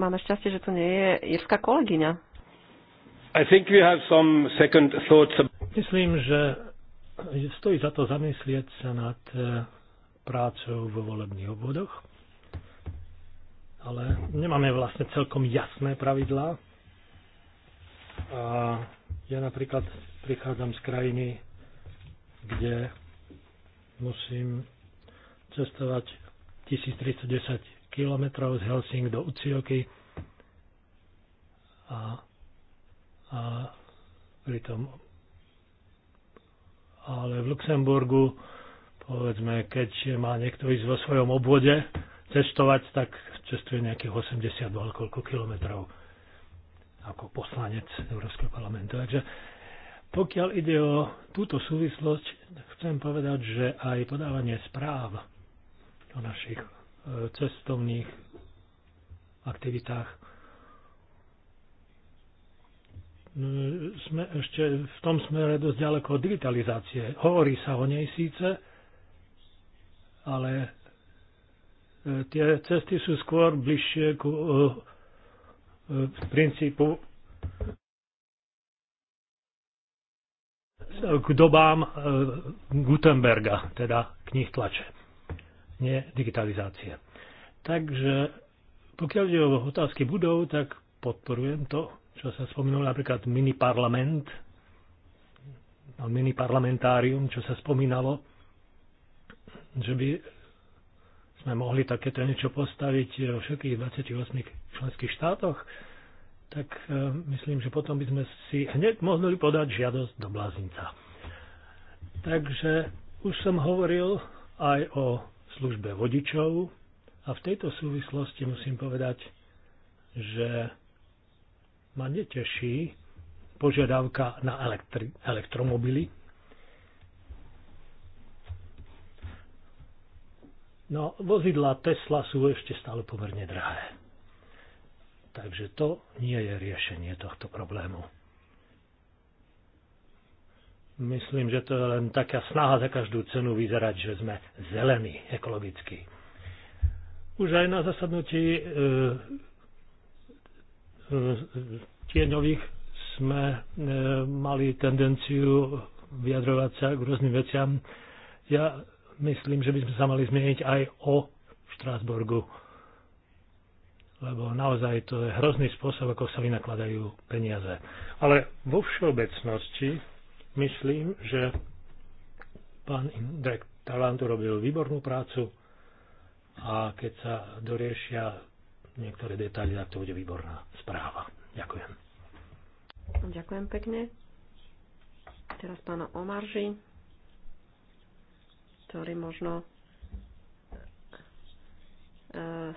Máme šťastie, že tu nie je írska kolegyňa. I think we have some second thoughts. Myslím, že stojí za to zamyslieť sa nad e, prácou vo volebných obvodoch, ale nemáme vlastne celkom jasné pravidlá. A ja napríklad prichádzam z krajiny, kde musím cestovať 1310 km z Helsing do Ucioky a, a pritom ale v Luxemburgu povedzme, keď má niekto ísť vo svojom obvode cestovať, tak cestuje nejakých 80 alebo koľko kilometrov ako poslanec Európskeho parlamentu. Takže pokiaľ ide o túto súvislosť, chcem povedať, že aj podávanie správ o našich e, cestovných aktivitách sme ešte v tom smere dosť ďaleko od digitalizácie. Hovorí sa o nej síce, ale e, tie cesty sú skôr bližšie ku e, e, princípu k dobám Gutenberga, teda knih tlače, nie digitalizácie. Takže pokiaľ ide o otázky budov, tak podporujem to, čo sa spomínalo napríklad mini parlament, mini parlamentárium, čo sa spomínalo že by sme mohli takéto niečo postaviť vo všetkých 28 členských štátoch, tak e, myslím, že potom by sme si hneď mohli podať žiadosť do blázinca. Takže už som hovoril aj o službe vodičov a v tejto súvislosti musím povedať, že ma neteší požiadavka na elektri- elektromobily, No, vozidla Tesla sú ešte stále pomerne drahé. Takže to nie je riešenie tohto problému. Myslím, že to je len taká snaha za každú cenu vyzerať, že sme zelení ekologicky. Už aj na zasadnutí e, e, tieňových sme e, mali tendenciu vyjadrovať sa k rôznym veciam. Ja myslím, že by sme sa mali zmieniť aj o Štrásburgu. Lebo naozaj to je hrozný spôsob, ako sa vynakladajú peniaze. Ale vo všeobecnosti myslím, že pán Indrek Talant urobil výbornú prácu a keď sa doriešia niektoré detaily, tak to bude výborná správa. Ďakujem. Ďakujem pekne. Teraz pána Omarži ktorý možno eh,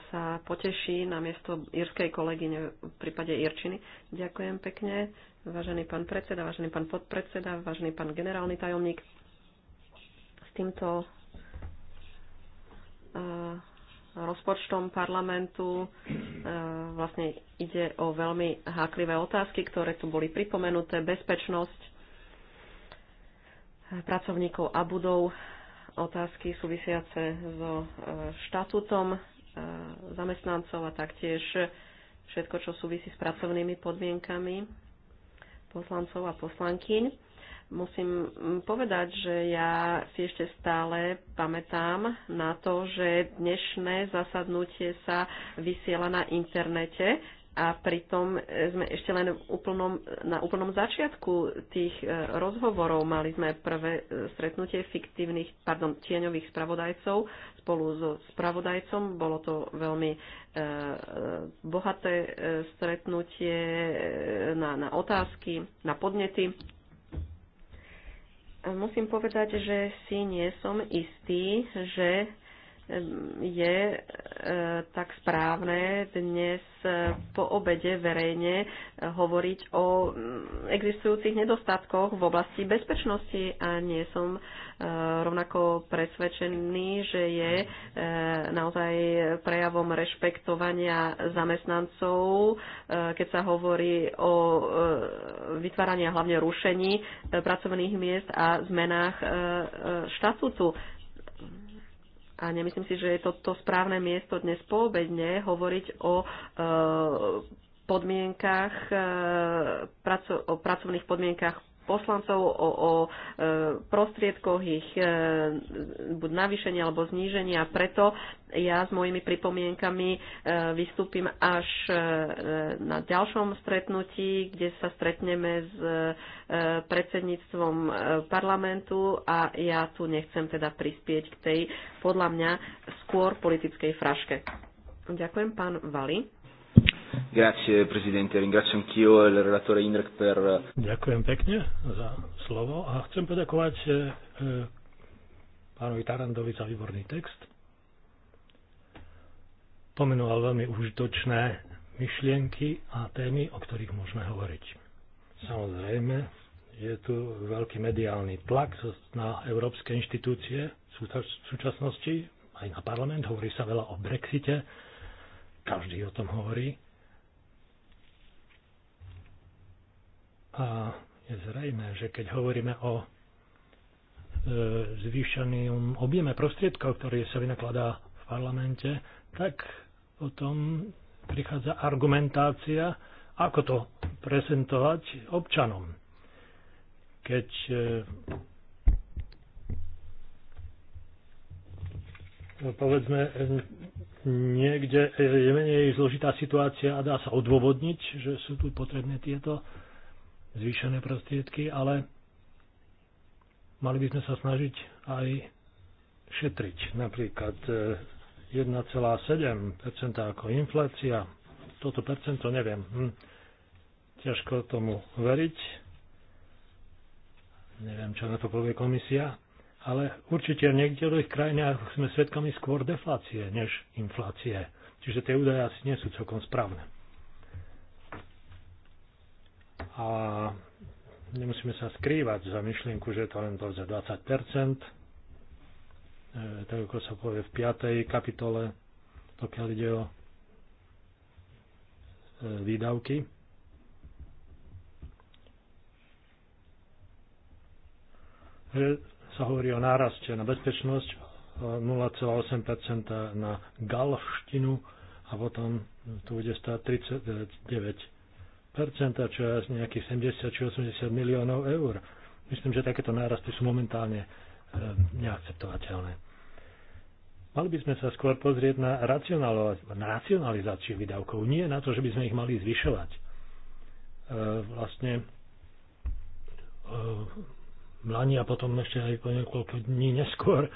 sa poteší na miesto írskej kolegyne v prípade Irčiny. Ďakujem pekne, vážený pán predseda, vážený pán podpredseda, vážený pán generálny tajomník. S týmto eh, rozpočtom parlamentu eh, vlastne ide o veľmi háklivé otázky, ktoré tu boli pripomenuté. Bezpečnosť pracovníkov a budov otázky súvisiace so e, štatútom e, zamestnancov a taktiež všetko, čo súvisí s pracovnými podmienkami poslancov a poslankyň. Musím povedať, že ja si ešte stále pamätám na to, že dnešné zasadnutie sa vysiela na internete a pritom e, sme ešte len v úplnom, na úplnom začiatku tých e, rozhovorov. Mali sme prvé e, stretnutie fiktívnych, pardon, tieňových spravodajcov spolu so spravodajcom. Bolo to veľmi bohaté stretnutie na, na otázky, na podnety. Musím povedať, že si nie som istý, že je e, tak správne dnes e, po obede verejne e, hovoriť o mm, existujúcich nedostatkoch v oblasti bezpečnosti a nie som e, rovnako presvedčený, že je e, naozaj prejavom rešpektovania zamestnancov, e, keď sa hovorí o vytváraní a hlavne rušení pracovných miest a zmenách štatútu a nemyslím si, že je to to správne miesto dnes poobedne hovoriť o e, podmienkách, e, praco, o pracovných podmienkach poslancov, o, o e, prostriedkoch ich e, buď navýšenia alebo zníženia. Preto ja s mojimi pripomienkami e, vystúpim až e, na ďalšom stretnutí, kde sa stretneme s e, predsedníctvom e, parlamentu a ja tu nechcem teda prispieť k tej, podľa mňa, skôr politickej fraške. Ďakujem, pán Vali. Grazie prezidente. ringrazio anch'io il relatore Indrek per... Eh, Ďakujem pekne za slovo a chcem poďakovať e, pánovi Tarandovi za výborný text. Pomenoval veľmi užitočné myšlienky a témy, o ktorých môžeme hovoriť. Samozrejme, je tu veľký mediálny tlak na európske inštitúcie v súčasnosti, aj na parlament, hovorí sa veľa o Brexite, každý o tom hovorí. A je zrejme, že keď hovoríme o e, zvýšenom objeme prostriedkov, ktorý sa vynakladá v parlamente, tak o tom prichádza argumentácia, ako to prezentovať občanom. Keď eh, no povedzme niekde je menej zložitá situácia a dá sa odôvodniť, že sú tu potrebné tieto zvýšené prostriedky, ale mali by sme sa snažiť aj šetriť. Napríklad 1,7% eh, ako inflácia toto percento neviem. Hm. Ťažko tomu veriť. Neviem, čo na to povie komisia. Ale určite v niektorých krajinách sme svedkami skôr deflácie než inflácie. Čiže tie údaje asi nie sú celkom správne. A nemusíme sa skrývať za myšlienku, že to len za 20 tak ako sa povie v 5. kapitole, pokiaľ ide o výdavky. Že sa hovorí o náraste na bezpečnosť 0,8% na galštinu a potom tu bude stáť 39%, čo je nejakých 70 či 80 miliónov eur. Myslím, že takéto nárasty sú momentálne eh, neakceptovateľné. Mali by sme sa skôr pozrieť na, na racionalizáciu výdavkov, nie na to, že by sme ich mali zvyšovať. E, vlastne e, a potom ešte aj po niekoľko dní neskôr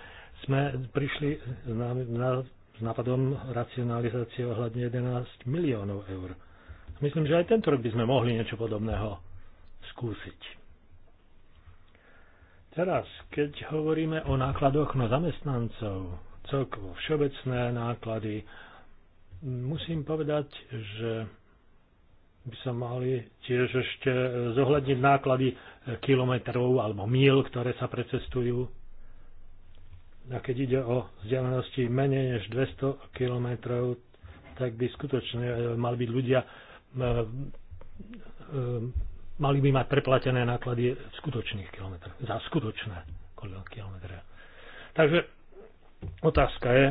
sme prišli na, na, s nápadom racionalizácie ohľadne 11 miliónov eur. Myslím, že aj tento rok by sme mohli niečo podobného skúsiť. Teraz, keď hovoríme o nákladoch na zamestnancov, celkovo všeobecné náklady. Musím povedať, že by sa mali tiež ešte zohľadniť náklady kilometrov alebo míl, ktoré sa precestujú. A keď ide o vzdialenosti menej než 200 kilometrov, tak by skutočne e, mali byť ľudia e, e, mali by mať preplatené náklady v skutočných kilometroch, za skutočné kilometre. Takže Otázka je,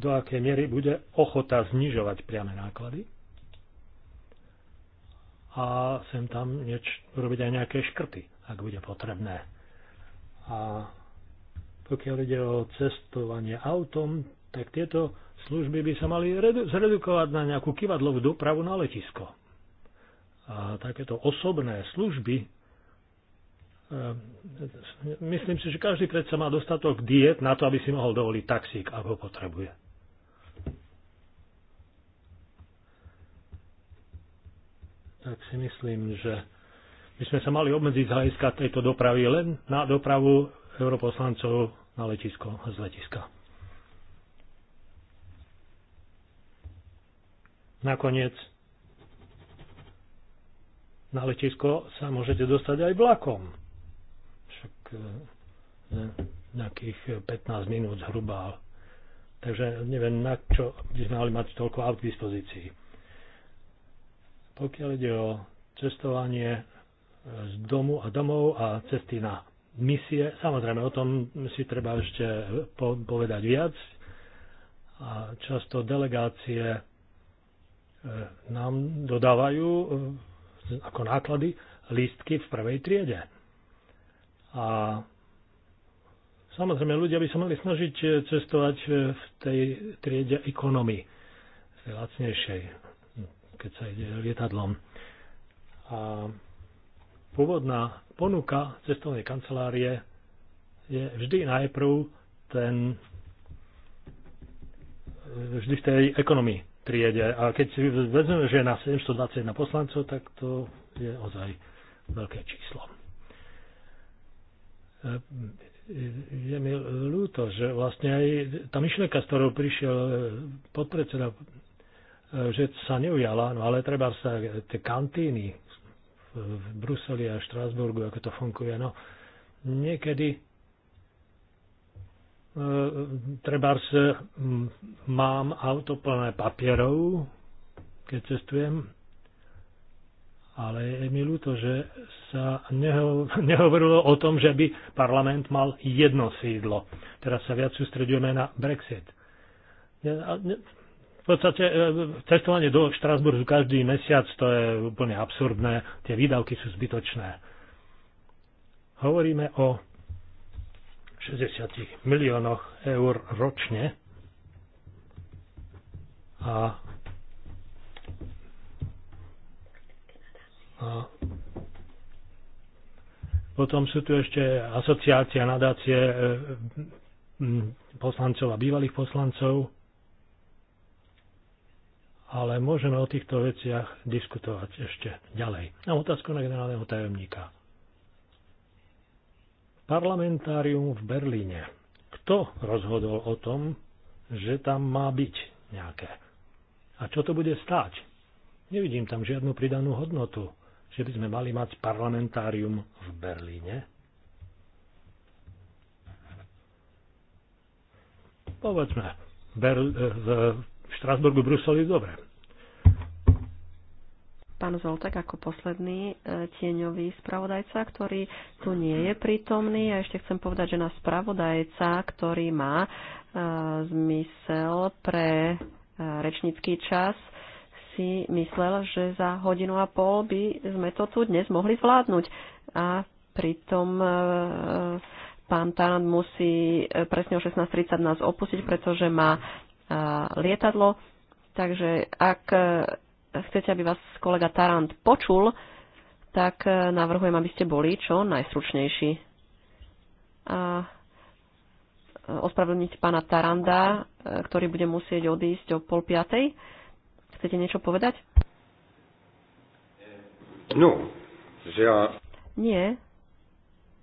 do akej miery bude ochota znižovať priame náklady a sem tam nieč, urobiť aj nejaké škrty, ak bude potrebné. A pokiaľ ide o cestovanie autom, tak tieto služby by sa mali zredukovať na nejakú kivadlovú dopravu na letisko. A takéto osobné služby Ehm, myslím si, že každý predsa má dostatok diet na to, aby si mohol dovoliť taxík, ako ho potrebuje. Tak si myslím, že my sme sa mali obmedziť z hľadiska tejto dopravy len na dopravu europoslancov na letisko z letiska. Nakoniec na letisko sa môžete dostať aj vlakom. E, e, nejakých 15 minút zhruba. Takže neviem, na čo by sme mali mať toľko aut k dispozícii. Pokiaľ ide o cestovanie e, z domu a domov a cesty na misie, samozrejme o tom si treba ešte povedať viac. A často delegácie nám dodávajú ako náklady lístky v prvej triede a samozrejme, ľudia by sa mali snažiť eh, cestovať eh, v tej triede ekonomy, tej lacnejšej, keď sa ide lietadlom. A pôvodná ponuka cestovnej kancelárie je vždy najprv ten eh, vždy v tej ekonomii triede. A keď si vezmeme, že je na 721 poslancov, tak to je ozaj veľké číslo je mi ľúto, že vlastne aj tá myšlienka, s ktorou prišiel podpredseda, že sa neujala, no ale treba sa tie kantíny v Bruseli a Štrásburgu, ako to funguje, no niekedy e, treba mám auto plné papierov, keď cestujem ale je mi ľúto, že sa neho, nehovorilo o tom, že by parlament mal jedno sídlo. Teraz sa viac sústredujeme na Brexit. V podstate e, cestovanie do Štrasburgu každý mesiac to je úplne absurdné, tie výdavky sú zbytočné. Hovoríme o 60 miliónoch eur ročne a No. potom sú tu ešte asociácia, nadácie e, poslancov a bývalých poslancov, ale môžeme o týchto veciach diskutovať ešte ďalej. Na otázku na generálneho tajomníka. Parlamentárium v Berlíne. Kto rozhodol o tom, že tam má byť nejaké? A čo to bude stáť? Nevidím tam žiadnu pridanú hodnotu že by sme mali mať parlamentárium v Berlíne. Povedzme, Berl- e, v Štrasburgu, Bruseli, dobre. Pán Zoltek ako posledný e, tieňový spravodajca, ktorý tu nie je prítomný. A ešte chcem povedať, že na spravodajca, ktorý má e, zmysel pre rečnícky čas, si myslel, že za hodinu a pol by sme to tu dnes mohli zvládnuť. A pritom e, pán Tarant musí e, presne o 16.30 nás opustiť, pretože má e, lietadlo. Takže ak chcete, aby vás kolega Tarant počul, tak navrhujem, aby ste boli čo najstručnejší. A ospravedlniť pána Taranda, ktorý bude musieť odísť o pol piatej. Chcete niečo povedať? No, že ja... Nie.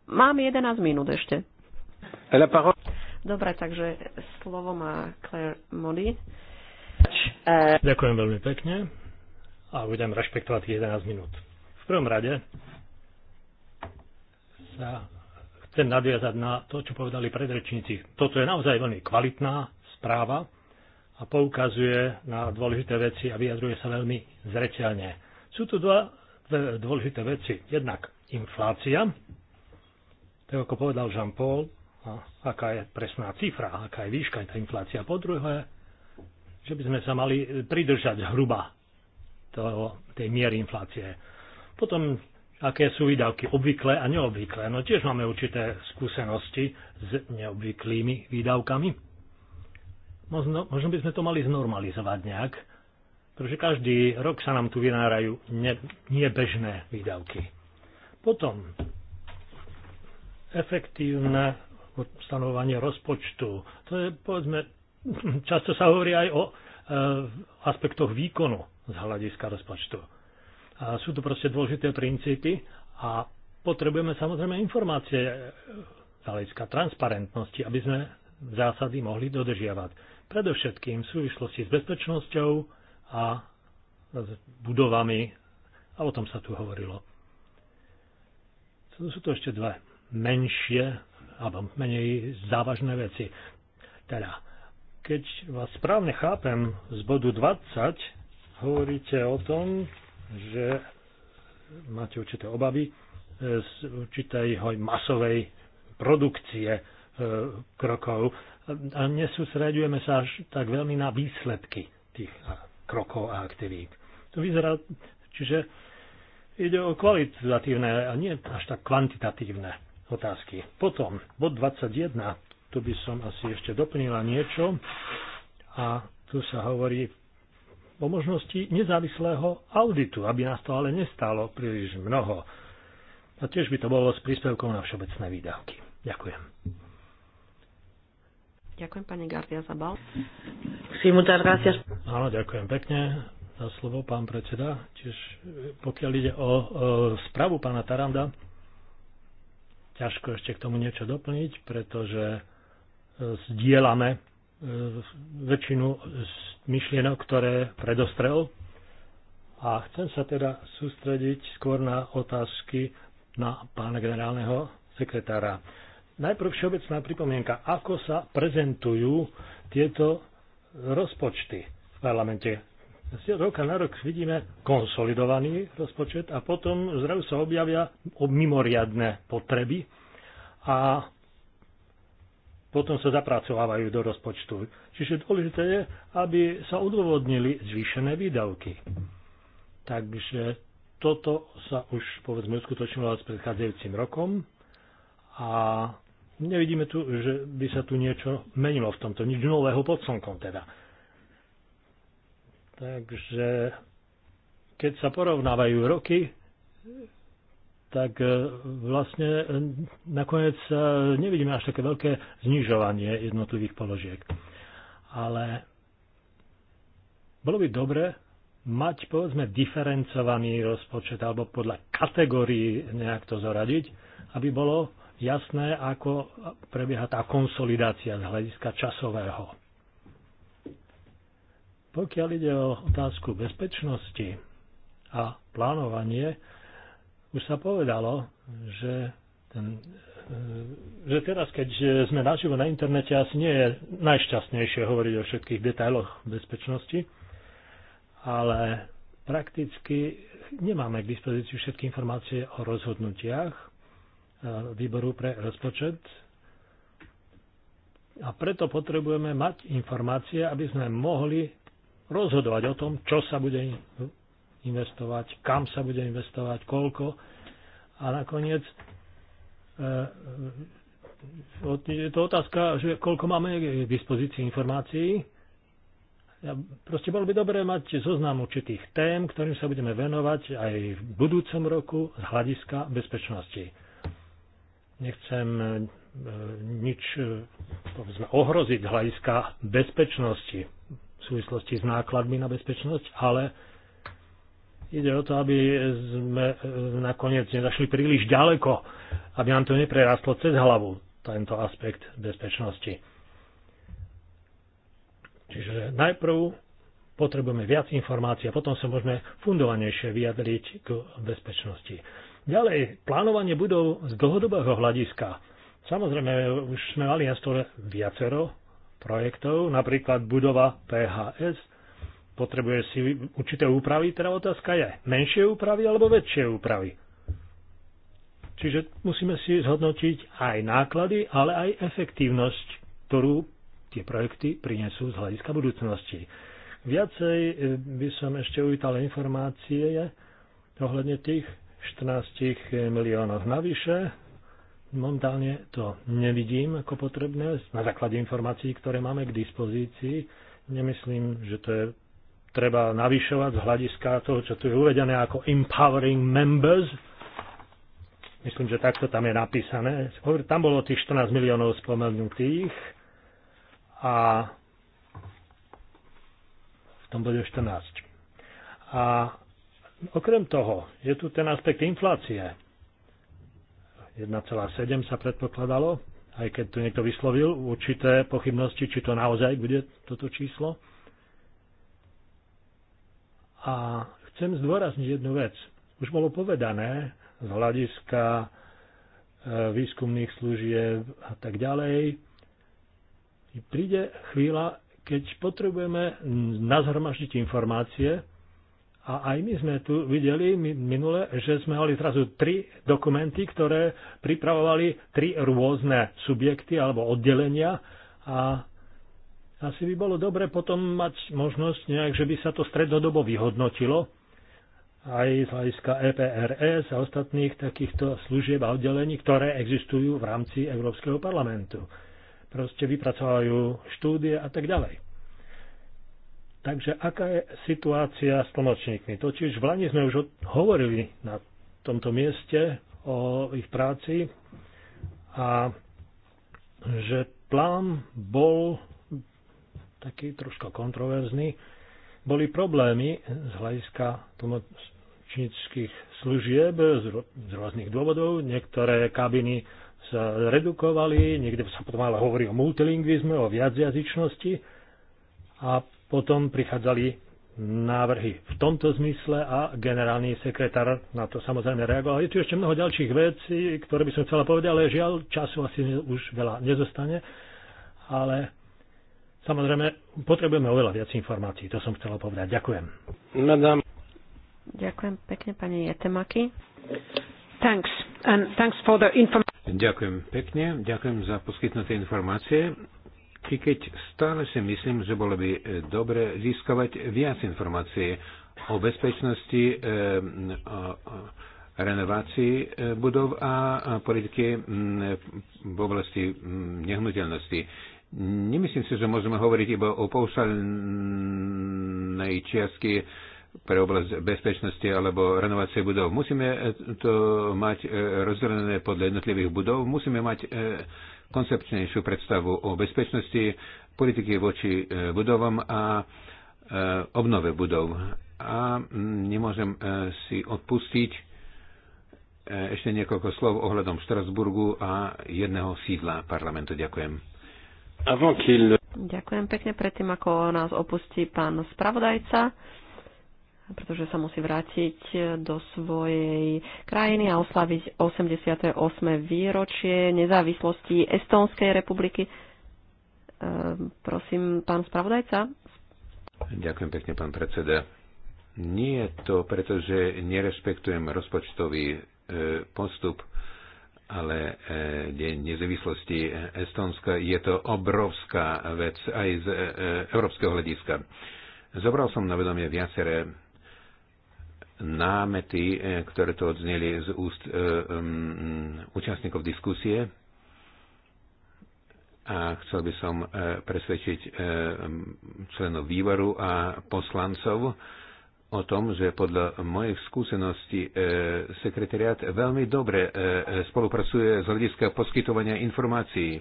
Mám 11 minút ešte. Dobre, takže slovo má Claire Mody. Ďakujem veľmi pekne a budem rešpektovať 11 minút. V prvom rade sa chcem nadviazať na to, čo povedali predrečníci. Toto je naozaj veľmi kvalitná správa, a poukazuje na dôležité veci a vyjadruje sa veľmi zreteľne. Sú tu dva, dve dôležité veci. Jednak inflácia, tak ako povedal Jean-Paul, aká je presná cifra, aká je výška tá inflácia. Po druhé, že by sme sa mali pridržať hruba toho, tej miery inflácie. Potom, aké sú výdavky obvyklé a neobvyklé. No tiež máme určité skúsenosti s neobvyklými výdavkami. Možno, možno by sme to mali znormalizovať nejak, pretože každý rok sa nám tu vynárajú ne, nebežné výdavky. Potom efektívne stanovanie rozpočtu. To je, povedzme, často sa hovorí aj o e, aspektoch výkonu z hľadiska rozpočtu. A sú to proste dôležité princípy a potrebujeme samozrejme informácie z hľadiska transparentnosti, aby sme zásady mohli dodržiavať. Predovšetkým v súvislosti s bezpečnosťou a s budovami, a o tom sa tu hovorilo. Sú to ešte dve menšie alebo menej závažné veci. Teda, keď vás správne chápem, z bodu 20 hovoríte o tom, že máte určité obavy z určitej masovej produkcie E, krokov a nesústredujeme sa až tak veľmi na výsledky tých krokov a aktivít. To vyzerá, čiže ide o kvalitatívne a nie až tak kvantitatívne otázky. Potom, bod 21, tu by som asi ešte doplnila niečo a tu sa hovorí o možnosti nezávislého auditu, aby nás to ale nestalo príliš mnoho. A tiež by to bolo s príspevkom na všeobecné výdavky. Ďakujem. Ďakujem pani Gardia Zabal. Sí, muchas gracias. Áno, ďakujem pekne za slovo, pán predseda. Tiež e, pokiaľ ide o, o spravu pána Taranda, ťažko ešte k tomu niečo doplniť, pretože e, sdielame e, väčšinu myšlienok, ktoré predostrel. A chcem sa teda sústrediť skôr na otázky na pána generálneho sekretára. Najprv všeobecná pripomienka, ako sa prezentujú tieto rozpočty v parlamente. Z roka na rok vidíme konsolidovaný rozpočet a potom zrazu sa objavia mimoriadne potreby a potom sa zapracovávajú do rozpočtu. Čiže dôležité je, aby sa odôvodnili zvýšené výdavky. Takže toto sa už povedzme uskutočnilo s predchádzajúcim rokom a nevidíme tu, že by sa tu niečo menilo v tomto, nič nového pod slnkom teda. Takže keď sa porovnávajú roky, tak e, vlastne e, nakoniec e, nevidíme až také veľké znižovanie jednotlivých položiek. Ale bolo by dobre mať, povedzme, diferencovaný rozpočet alebo podľa kategórií nejak to zoradiť, aby bolo jasné, ako prebieha tá konsolidácia z hľadiska časového. Pokiaľ ide o otázku bezpečnosti a plánovanie, už sa povedalo, že, ten, e, že teraz, keď sme naživo na internete, asi nie je najšťastnejšie hovoriť o všetkých detailoch bezpečnosti, ale prakticky nemáme k dispozícii všetky informácie o rozhodnutiach, E, výboru pre rozpočet. A preto potrebujeme mať informácie, aby sme mohli rozhodovať o tom, čo sa bude investovať, kam sa bude investovať, koľko. A nakoniec e, e, je to otázka, že koľko máme k dispozícii informácií. Proste bolo by dobré mať zoznam určitých tém, ktorým sa budeme venovať aj v budúcom roku z hľadiska bezpečnosti nechcem e, nič e, povedzme, ohroziť hľadiska bezpečnosti v súvislosti s nákladmi na bezpečnosť, ale ide o to, aby sme e, nakoniec nezašli príliš ďaleko, aby nám to neprerastlo cez hlavu, tento aspekt bezpečnosti. Čiže najprv potrebujeme viac informácií a potom sa môžeme fundovanejšie vyjadriť k bezpečnosti. Ďalej, plánovanie budov z dlhodobého hľadiska. Samozrejme, už sme mali na stole viacero projektov, napríklad budova PHS, potrebuje si určité úpravy, teda otázka je, menšie úpravy alebo väčšie úpravy. Čiže musíme si zhodnotiť aj náklady, ale aj efektívnosť, ktorú tie projekty prinesú z hľadiska budúcnosti. Viacej eh, by som ešte uvítal informácie ohľadne tých 14 miliónoch navyše. Momentálne to nevidím ako potrebné na základe informácií, ktoré máme k dispozícii. Nemyslím, že to je treba navyšovať z hľadiska toho, čo tu je uvedené ako empowering members. Myslím, že takto tam je napísané. Tam bolo tých 14 miliónov spomenutých a v tom bude 14. A Okrem toho je tu ten aspekt inflácie. 1,7 sa predpokladalo, aj keď tu niekto vyslovil určité pochybnosti, či to naozaj bude toto číslo. A chcem zdôrazniť jednu vec. Už bolo povedané z hľadiska e, výskumných služieb a tak ďalej. Príde chvíľa, keď potrebujeme nazhromaždiť informácie, a aj my sme tu videli minule, že sme mali zrazu tri dokumenty, ktoré pripravovali tri rôzne subjekty alebo oddelenia a asi by bolo dobre potom mať možnosť nejak, že by sa to strednodobo vyhodnotilo aj z hľadiska EPRS a ostatných takýchto služieb a oddelení, ktoré existujú v rámci Európskeho parlamentu. Proste vypracovajú štúdie a tak ďalej. Takže aká je situácia s tlmočníkmi? Totiž v Lani sme už hovorili na tomto mieste o ich práci a že plán bol taký troška kontroverzný. Boli problémy z hľadiska tlmočníckých služieb z rôznych dôvodov. Niektoré kabiny sa redukovali, niekde sa potom ale hovorí o multilingvizme, o viacjazyčnosti. A potom prichádzali návrhy v tomto zmysle a generálny sekretár na to samozrejme reagoval. Je tu ešte mnoho ďalších vecí, ktoré by som chcela povedať, ale žiaľ, času asi už veľa nezostane. Ale samozrejme, potrebujeme oveľa viac informácií, to som chcela povedať. Ďakujem. Madame. Ďakujem pekne, pani Jetemaki. Thanks. And thanks for the Ďakujem pekne, ďakujem za poskytnuté informácie i keď stále si myslím, že bolo by e, dobre získavať viac informácií o bezpečnosti, e, e, renovácii budov a politiky v oblasti nehnuteľnosti. Nemyslím si, že môžeme hovoriť iba o paušálnej čiastky pre oblasť bezpečnosti alebo renovácie budov. Musíme to mať rozdelené podľa jednotlivých budov, musíme mať koncepčnejšiu predstavu o bezpečnosti, politiky voči e, budovom a e, obnove budov. A nemôžem e, si odpustiť ešte niekoľko slov ohľadom Štrasburgu a jedného sídla parlamentu. Ďakujem. Ďakujem pekne predtým, ako nás opustí pán spravodajca pretože sa musí vrátiť e, do svojej krajiny a oslaviť 88. výročie nezávislosti Estónskej republiky. E, prosím, pán spravodajca. Ďakujem pekne, pán predseda. Nie je to, pretože nerespektujem rozpočtový e, postup, ale Deň nezávislosti Estónska je to obrovská vec aj z európskeho hľadiska. Zobral som na vedomie viaceré námety, e, ktoré to odzneli z úst e, um, účastníkov diskusie. A chcel by som e, presvedčiť e, členov výboru a poslancov o tom, že podľa mojich skúseností sekretariat veľmi dobre spolupracuje z hľadiska poskytovania informácií,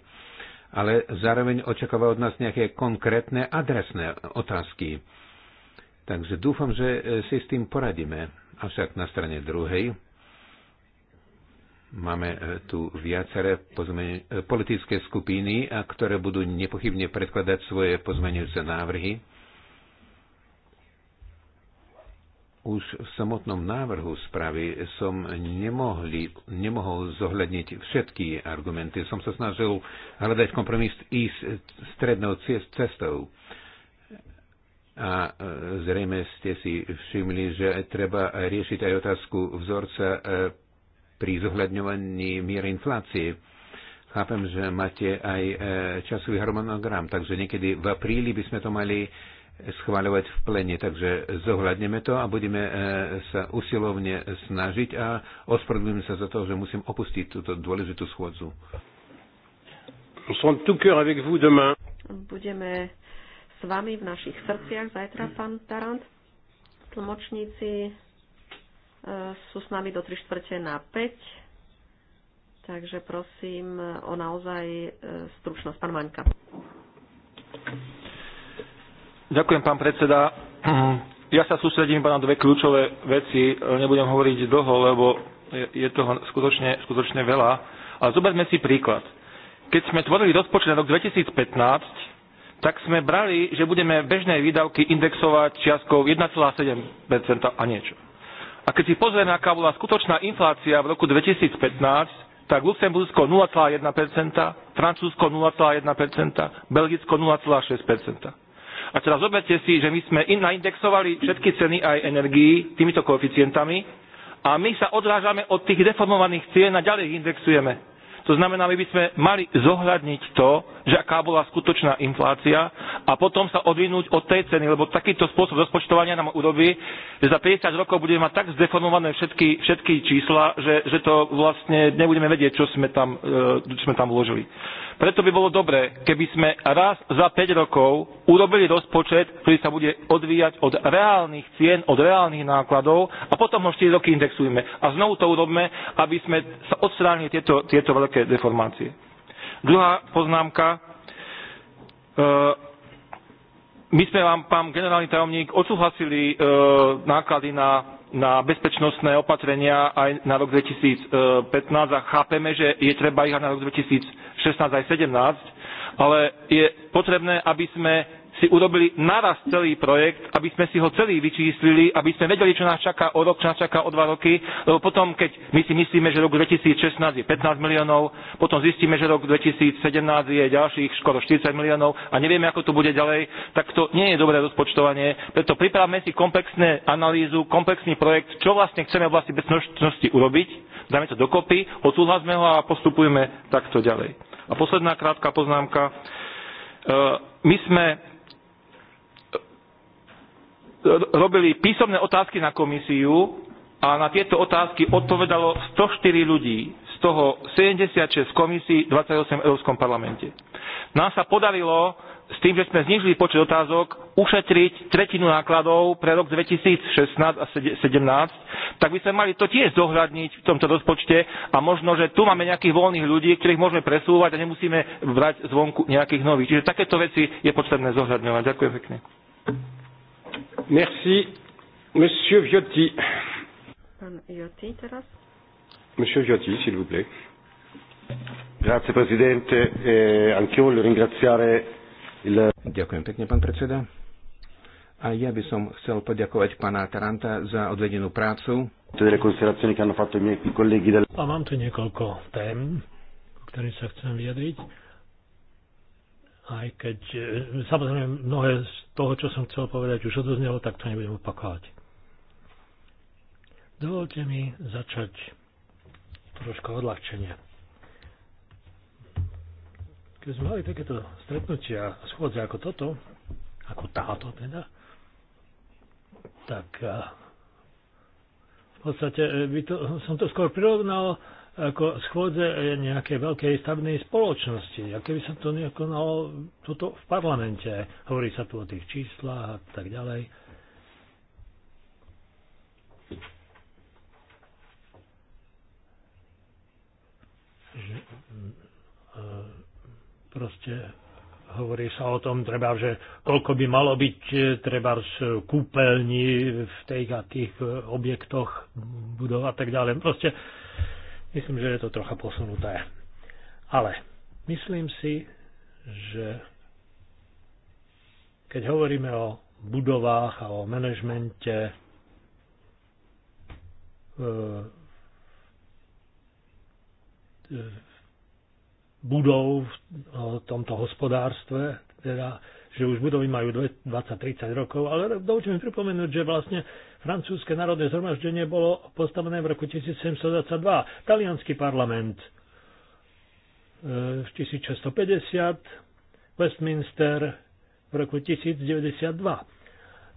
ale zároveň očakáva od nás nejaké konkrétne adresné otázky Takže dúfam, že e, si s tým poradíme. Avšak na strane druhej máme e, tu viaceré e, politické skupiny, a ktoré budú nepochybne predkladať svoje pozmeňujúce návrhy. Už v samotnom návrhu správy som nemohli, nemohol zohľadniť všetky argumenty. Som sa snažil hľadať kompromis i s strednou cestou. A e, zrejme ste si všimli, že treba riešiť aj otázku vzorca e, pri zohľadňovaní miery inflácie. Chápem, že máte aj e, časový harmonogram, takže niekedy v apríli by sme to mali schváľovať v plene, takže zohľadneme to a budeme sa usilovne snažiť a ospravedlňujem sa za to, že musím opustiť túto dôležitú schôdzu. Budeme s vami v našich srdciach zajtra, pán Tarant. Tlmočníci e, sú s nami do 3 čtvrte na 5, takže prosím o naozaj e, stručnosť. Pán Maňka. Ďakujem, pán predseda. Ja sa sústredím iba na dve kľúčové veci. Nebudem hovoriť dlho, lebo je toho skutočne, skutočne veľa. Ale zoberme si príklad. Keď sme tvorili rozpočet na rok 2015, tak sme brali, že budeme bežné výdavky indexovať čiastkou 1,7 a niečo. A keď si pozrieme, aká bola skutočná inflácia v roku 2015, tak Luxembursko 0,1%, Francúzsko 0,1%, Belgicko 0,6%. A teraz zoberte si, že my sme naindexovali všetky ceny aj energií týmito koeficientami a my sa odrážame od tých deformovaných cien a ďalej ich indexujeme. To znamená, my by sme mali zohľadniť to, že aká bola skutočná inflácia a potom sa odvinúť od tej ceny, lebo takýto spôsob rozpočtovania nám urobí, že za 50 rokov budeme mať tak zdeformované všetky, všetky čísla, že, že to vlastne nebudeme vedieť, čo sme tam, e, čo sme tam vložili. Preto by bolo dobré, keby sme raz za 5 rokov urobili rozpočet, ktorý sa bude odvíjať od reálnych cien, od reálnych nákladov a potom ho 4 roky indexujeme. A znovu to urobme, aby sme sa odstránili tieto, tieto veľké deformácie. Druhá poznámka. E, my sme vám, pán generálny tajomník, odsúhlasili e, náklady na na bezpečnostné opatrenia aj na rok 2015 a chápeme, že je treba ich aj na rok 2016 aj 2017, ale je potrebné, aby sme si urobili naraz celý projekt, aby sme si ho celý vyčíslili, aby sme vedeli, čo nás čaká o rok, čo nás čaká o dva roky, lebo potom, keď my si myslíme, že rok 2016 je 15 miliónov, potom zistíme, že rok 2017 je ďalších skoro 40 miliónov a nevieme, ako to bude ďalej, tak to nie je dobré rozpočtovanie. Preto pripravme si komplexné analýzu, komplexný projekt, čo vlastne chceme v oblasti bezpečnosti urobiť, dáme to dokopy, odsúhlasme ho a postupujeme takto ďalej. A posledná krátka poznámka. E, my sme robili písomné otázky na komisiu a na tieto otázky odpovedalo 104 ľudí, z toho 76 v komisii, 28 v Európskom parlamente. Nám sa podarilo s tým, že sme znižili počet otázok, ušetriť tretinu nákladov pre rok 2016 a 2017, tak by sme mali to tiež zohľadniť v tomto rozpočte a možno, že tu máme nejakých voľných ľudí, ktorých môžeme presúvať a nemusíme brať zvonku nejakých nových. Čiže takéto veci je potrebné zohľadňovať. Ďakujem pekne. Merci. Monsieur Viotti. Pán Viotti teraz. Monsieur Viotti, s'il vous plaît. Grazie Presidente, eh, anch'io voglio ringraziare il... Ďakujem pekne, pán predseda. A ja by som chcel poďakovať pána Taranta za odvedenú prácu. A mám tu niekoľko tém, ktorým sa chcem vyjadriť. Aj keď, e, samozrejme, mnohé z toho, čo som chcel povedať, už odoznelo, tak to nebudem opakovať. Dovolte mi začať trošku odľahčenie. Keď sme mali takéto stretnutia, a schôdze ako toto, ako táto teda, tak e, v podstate e, by to, som to skôr prirovnal ako schôdze nejakej veľkej stavnej spoločnosti. A keby sa to nekonalo tuto v parlamente, hovorí sa tu o tých číslach a tak ďalej. Že, mm, e, proste hovorí sa o tom, treba, že koľko by malo byť e, treba z kúpeľní v tých a tých e, objektoch budov a tak ďalej. Proste Myslím, že je to trocha posunuté. Ale myslím si, že keď hovoríme o budovách a o manažmente e, e, budov v tomto hospodárstve, teda, že už budovy majú 20-30 rokov, ale dovolte mi pripomenúť, že vlastne Francúzske národné zhromaždenie bolo postavené v roku 1722. Talianský parlament eh, v 1650, Westminster v roku 1092.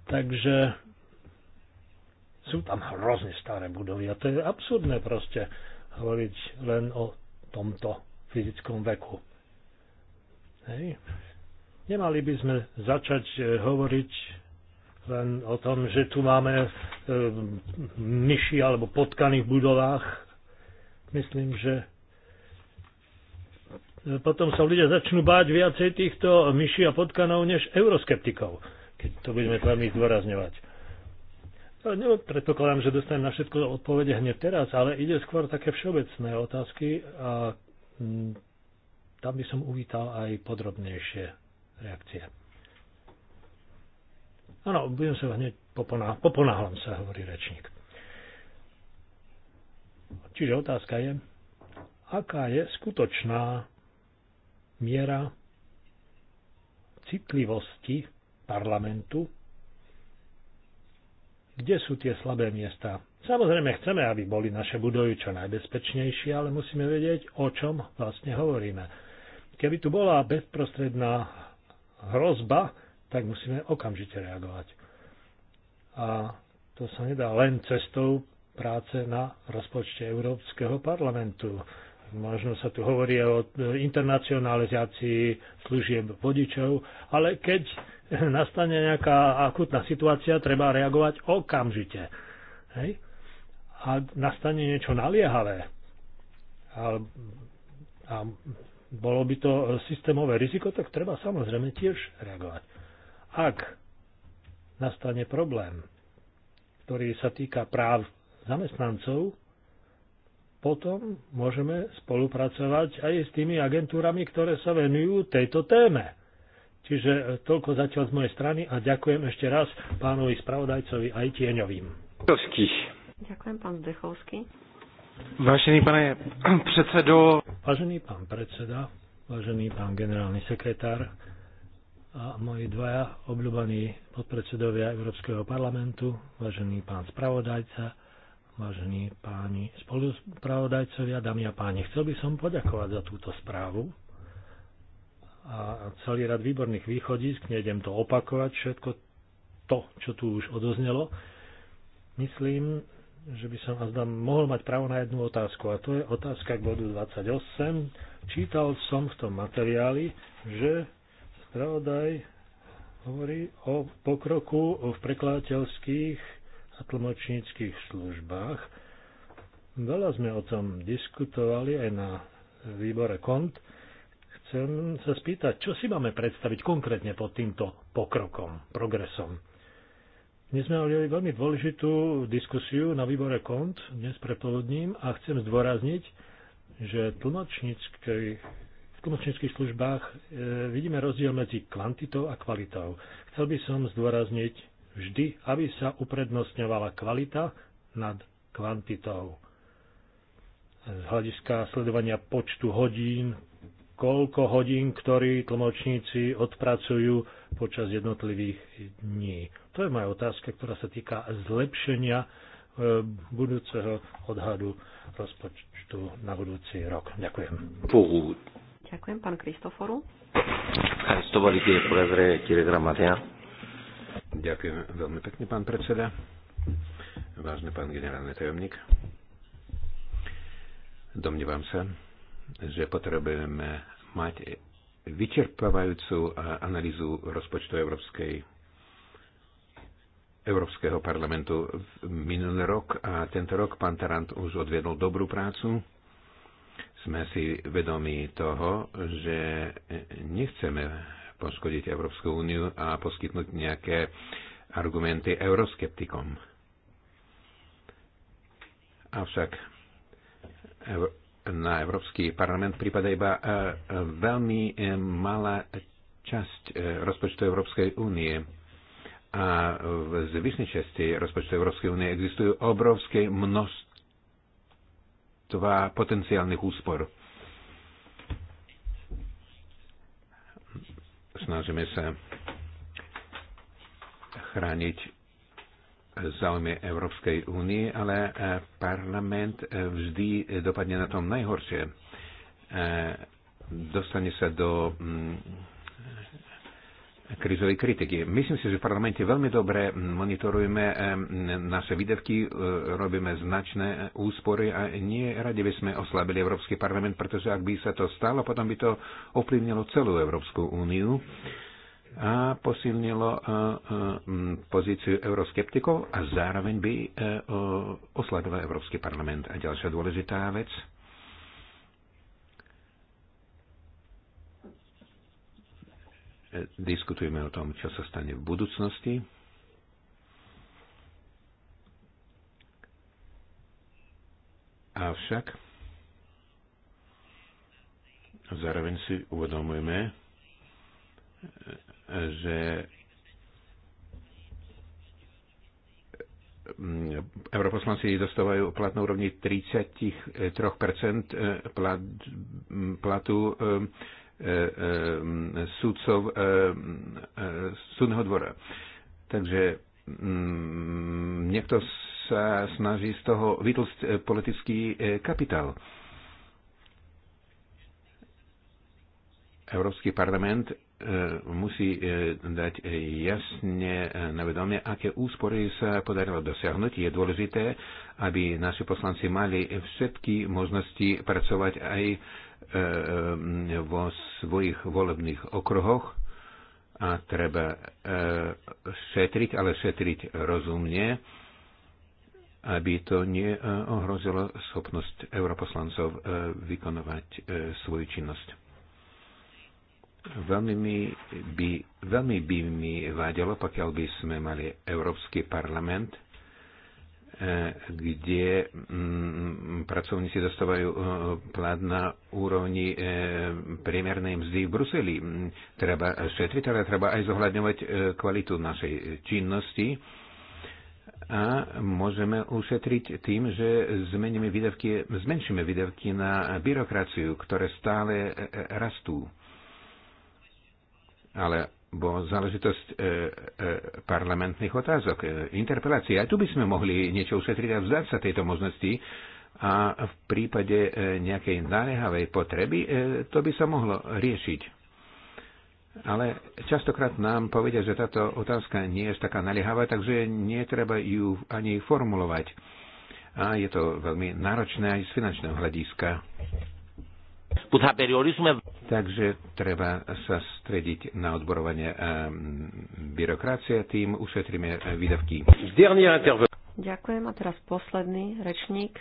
Takže sú tam hrozne staré budovy a to je absurdné proste hovoriť len o tomto fyzickom veku. Hej. Nemali by sme začať eh, hovoriť len o tom, že tu máme e, myši alebo potkany v budovách. Myslím, že e, potom sa ľudia začnú báť viacej týchto myši a potkanov než euroskeptikov, keď to budeme veľmi zdôrazňovať. No, predpokladám, že dostanem na všetko odpovede hneď teraz, ale ide skôr také všeobecné otázky a mm, tam by som uvítal aj podrobnejšie reakcie. Áno, no, budem sa hneď poponá, poponáhľam sa, hovorí rečník. Čiže otázka je, aká je skutočná miera citlivosti parlamentu, kde sú tie slabé miesta. Samozrejme chceme, aby boli naše budovy čo najbezpečnejšie, ale musíme vedieť, o čom vlastne hovoríme. Keby tu bola bezprostredná hrozba, tak musíme okamžite reagovať. A to sa nedá len cestou práce na rozpočte Európskeho parlamentu. Možno sa tu hovorí o internacionalizácii služieb vodičov, ale keď nastane nejaká akutná situácia, treba reagovať okamžite. Hej? A nastane niečo naliehavé. A, a bolo by to systémové riziko, tak treba samozrejme tiež reagovať ak nastane problém, ktorý sa týka práv zamestnancov, potom môžeme spolupracovať aj s tými agentúrami, ktoré sa venujú tejto téme. Čiže e, toľko zatiaľ z mojej strany a ďakujem ešte raz pánovi spravodajcovi aj tieňovým. Ďakujem, pán Zdechovský. Vážený pane predsedo. Vážený pán predseda, vážený pán generálny sekretár, a moji dvaja obľúbení podpredsedovia Európskeho parlamentu, vážený pán spravodajca, vážení páni spoluspravodajcovia, dámy a páni, chcel by som poďakovať za túto správu a celý rad výborných východisk, nejdem to opakovať, všetko to, čo tu už odoznelo. Myslím, že by som azda mohol mať právo na jednu otázku a to je otázka k bodu 28. Čítal som v tom materiáli, že Spravodaj hovorí o pokroku v prekladateľských a tlmočníckých službách. Veľa sme o tom diskutovali aj na výbore KONT. Chcem sa spýtať, čo si máme predstaviť konkrétne pod týmto pokrokom, progresom. Dnes sme mali veľmi dôležitú diskusiu na výbore KONT dnes prepoludním a chcem zdôrazniť, že tlmočnícky tlmočníckých službách e, vidíme rozdiel medzi kvantitou a kvalitou. Chcel by som zdôrazniť vždy, aby sa uprednostňovala kvalita nad kvantitou. Z hľadiska sledovania počtu hodín, koľko hodín, ktorí tlmočníci odpracujú počas jednotlivých dní. To je moja otázka, ktorá sa týka zlepšenia e, budúceho odhadu rozpočtu na budúci rok. Ďakujem. Ďakujem, pán Kristoforu. Ďakujem veľmi pekne, pán predseda. Vážny pán generálny tajomník. Domnívam sa, že potrebujeme mať vyčerpávajúcu analýzu rozpočtu Európskej Európskeho parlamentu minulý rok a tento rok pán Tarant už odviedol dobrú prácu sme si vedomí toho, že nechceme poškodiť Európsku úniu a poskytnúť nejaké argumenty euroskeptikom. Avšak na Európsky parlament prípada iba e, veľmi e, malá časť e, rozpočtu Európskej únie. A v zvyšnej časti rozpočtu Európskej únie existujú obrovské množstvo potenciálnych úspor. Snažíme sa chrániť záujmy Európskej únie, ale parlament vždy dopadne na tom najhoršie. Dostane sa do mm, krizovej kritiky. Myslím si, že v parlamente veľmi dobre monitorujeme eh, naše výdavky, eh, robíme značné eh, úspory a nie radi by sme oslabili Európsky parlament, pretože ak by sa to stalo, potom by to ovplyvnilo celú Európsku úniu a posilnilo pozíciu euroskeptikov a zároveň by oslabilo Európsky parlament. A ďalšia dôležitá vec – diskutujeme o tom, čo sa stane v budúcnosti. Avšak zároveň si uvedomujeme, že europoslanci dostávajú plat na úrovni 33% plat, platu E, e, súdcov e, súdneho dvora. Takže mm, niekto sa snaží z toho vytlsť politický kapitál. Európsky parlament musí dať jasne na vedomie, aké úspory sa podarilo dosiahnuť. Je dôležité, aby naši poslanci mali všetky možnosti pracovať aj E, e, vo svojich volebných okruhoch a treba e, šetriť, ale šetriť rozumne, aby to neohrozilo schopnosť europoslancov vykonovať svoju činnosť. Veľmi, mi by, veľmi by mi vadilo, pokiaľ by sme mali Európsky parlament, kde mm, pracovníci dostávajú e, plat na úrovni e, priemernej mzdy v Bruseli. Mm, treba šetriť, ale treba aj zohľadňovať e, kvalitu našej činnosti a môžeme ušetriť tým, že zmeníme výdavky, zmenšíme výdavky na byrokraciu, ktoré stále rastú. Ale bo záležitosť e, e, parlamentných otázok, e, interpelácií. Aj tu by sme mohli niečo ušetriť a vzdať sa tejto možnosti a v prípade nejakej naliehavej potreby to by sa mohlo riešiť. Ale častokrát nám povedia, že táto otázka nie je taká naliehavá, takže netreba ju ani formulovať. A je to veľmi náročné aj z finančného hľadiska. Takže treba sa strediť na odborovanie ehm, byrokracie, tým ušetríme eh, výdavky. Ďakujem a teraz posledný rečník.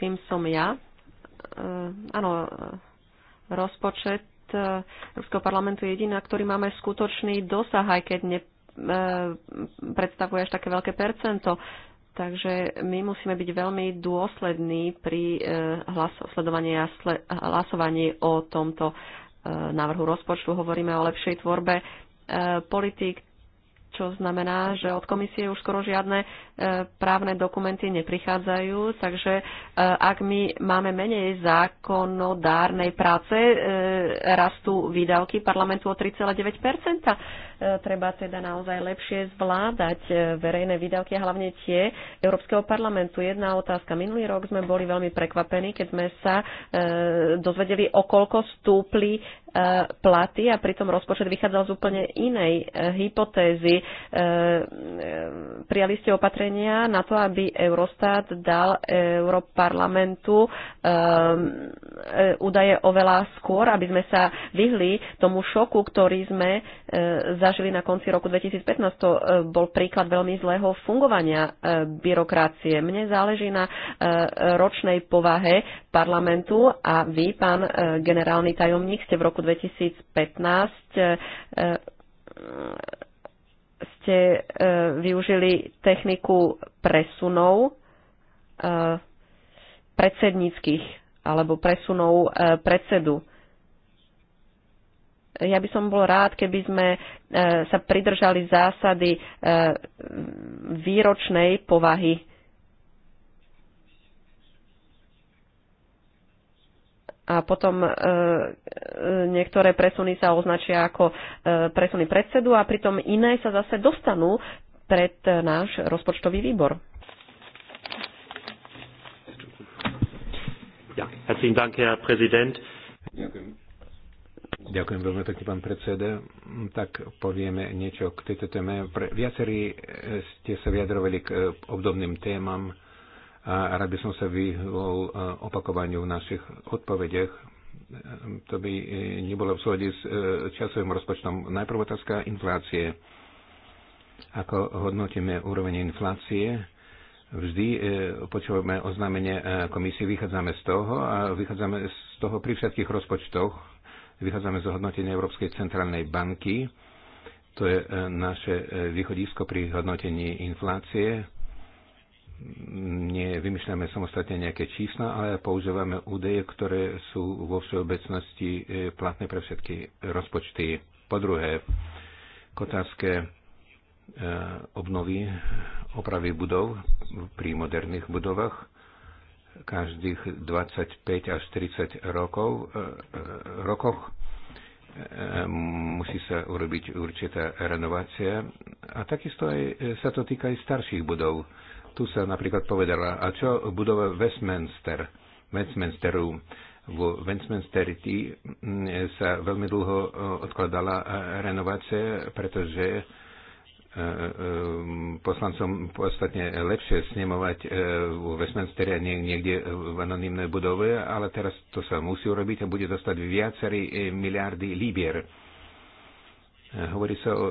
Tým som ja. Ehm, áno, rozpočet eh, Európskeho parlamentu je jediná, ktorý máme skutočný dosah, aj keď ne ehm, predstavuje až také veľké percento. Takže my musíme byť veľmi dôslední pri e, hlasovaní sledovaní a hlasovaní o tomto e, návrhu rozpočtu. Hovoríme o lepšej tvorbe e, politik čo znamená, že od komisie už skoro žiadne e, právne dokumenty neprichádzajú, takže e, ak my máme menej zákonodárnej práce, e, rastú výdavky parlamentu o 3,9%. Treba teda naozaj lepšie zvládať verejné výdavky, a hlavne tie Európskeho parlamentu. Jedna otázka. Minulý rok sme boli veľmi prekvapení, keď sme sa dozvedeli, o koľko stúpli platy a pritom rozpočet vychádzal z úplne inej hypotézy. E, e, prijali ste opatrenia na to, aby Eurostat dal Europarlamentu e, údaje oveľa skôr, aby sme sa vyhli tomu šoku, ktorý sme zažili na konci roku 2015. To bol príklad veľmi zlého fungovania byrokracie. Mne záleží na ročnej povahe parlamentu a vy, pán generálny tajomník, ste v roku 2015 2015 ste e, využili techniku presunov e, predsedníckých alebo presunov e, predsedu. Ja by som bol rád, keby sme sa pridržali zásady výročnej povahy a potom e, e, niektoré presuny sa označia ako e, presuny predsedu a pritom iné sa zase dostanú pred náš rozpočtový výbor. Ja, Dank, Ďakujem. Ďakujem veľmi pekne, pán predseda. Tak povieme niečo k tejto téme. Viacerí e, ste sa vyjadrovali k e, obdobným témam a rád by som sa vyhol e, opakovaniu v našich odpovediach. To by e, nebolo v súhode s e, časovým rozpočtom. Najprv otázka inflácie. Ako hodnotíme úroveň inflácie? Vždy počúvame oznámenie komisie, vychádzame z toho a vychádzame z toho pri všetkých rozpočtoch. Vychádzame z hodnotenia Európskej centrálnej banky. To je naše východisko pri hodnotení inflácie nevymýšľame samostatne nejaké čísla, ale používame údaje, ktoré sú vo všeobecnosti e, platné pre všetky rozpočty. Po druhé, k otázke e, obnovy, opravy budov pri moderných budovách každých 25 až 30 rokov, e, rokoch musí sa urobiť určitá renovácia a takisto aj sa to týka aj starších budov tu sa napríklad povedala, a čo budova Westminster, Westminsteru? Vo Westminsterity mm, sa veľmi dlho e, odkladala e, renovácia, pretože e, poslancom podstatne lepšie snemovať vo Westminstere niekde v anonimnej budove, ale teraz to sa musí urobiť a bude dostať viacerý miliardy líbier. Hovorí sa o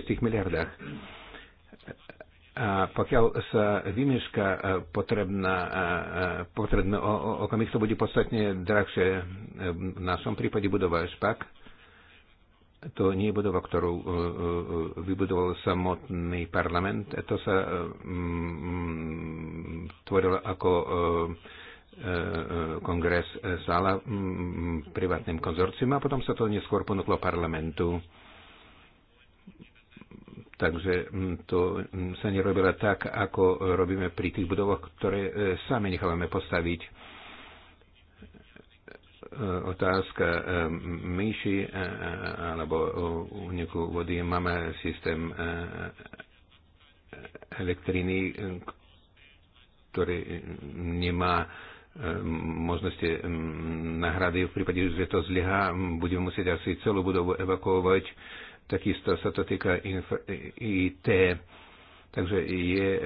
6 miliardách. A pokiaľ sa vymeška e, potrebná, e, e, potrebná okamih, to bude podstatne drahšie. V našom prípade budova Špak, to nie je budova, ktorú vybudoval samotný parlament. To sa mm, tvorilo ako kongres sála privátnym konzorcium a potom sa to neskôr ponúklo parlamentu Takže mm, to mm, sa nerobilo tak, ako e, robíme pri tých budovách, ktoré e, sami nechávame postaviť. E, otázka myši alebo úniku vody. Máme systém elektriny, ktorý nemá možnosti nahrady V prípade, že to zlyhá, budeme musieť asi celú budovu evakuovať takisto sa to týka IT. Takže je e, e,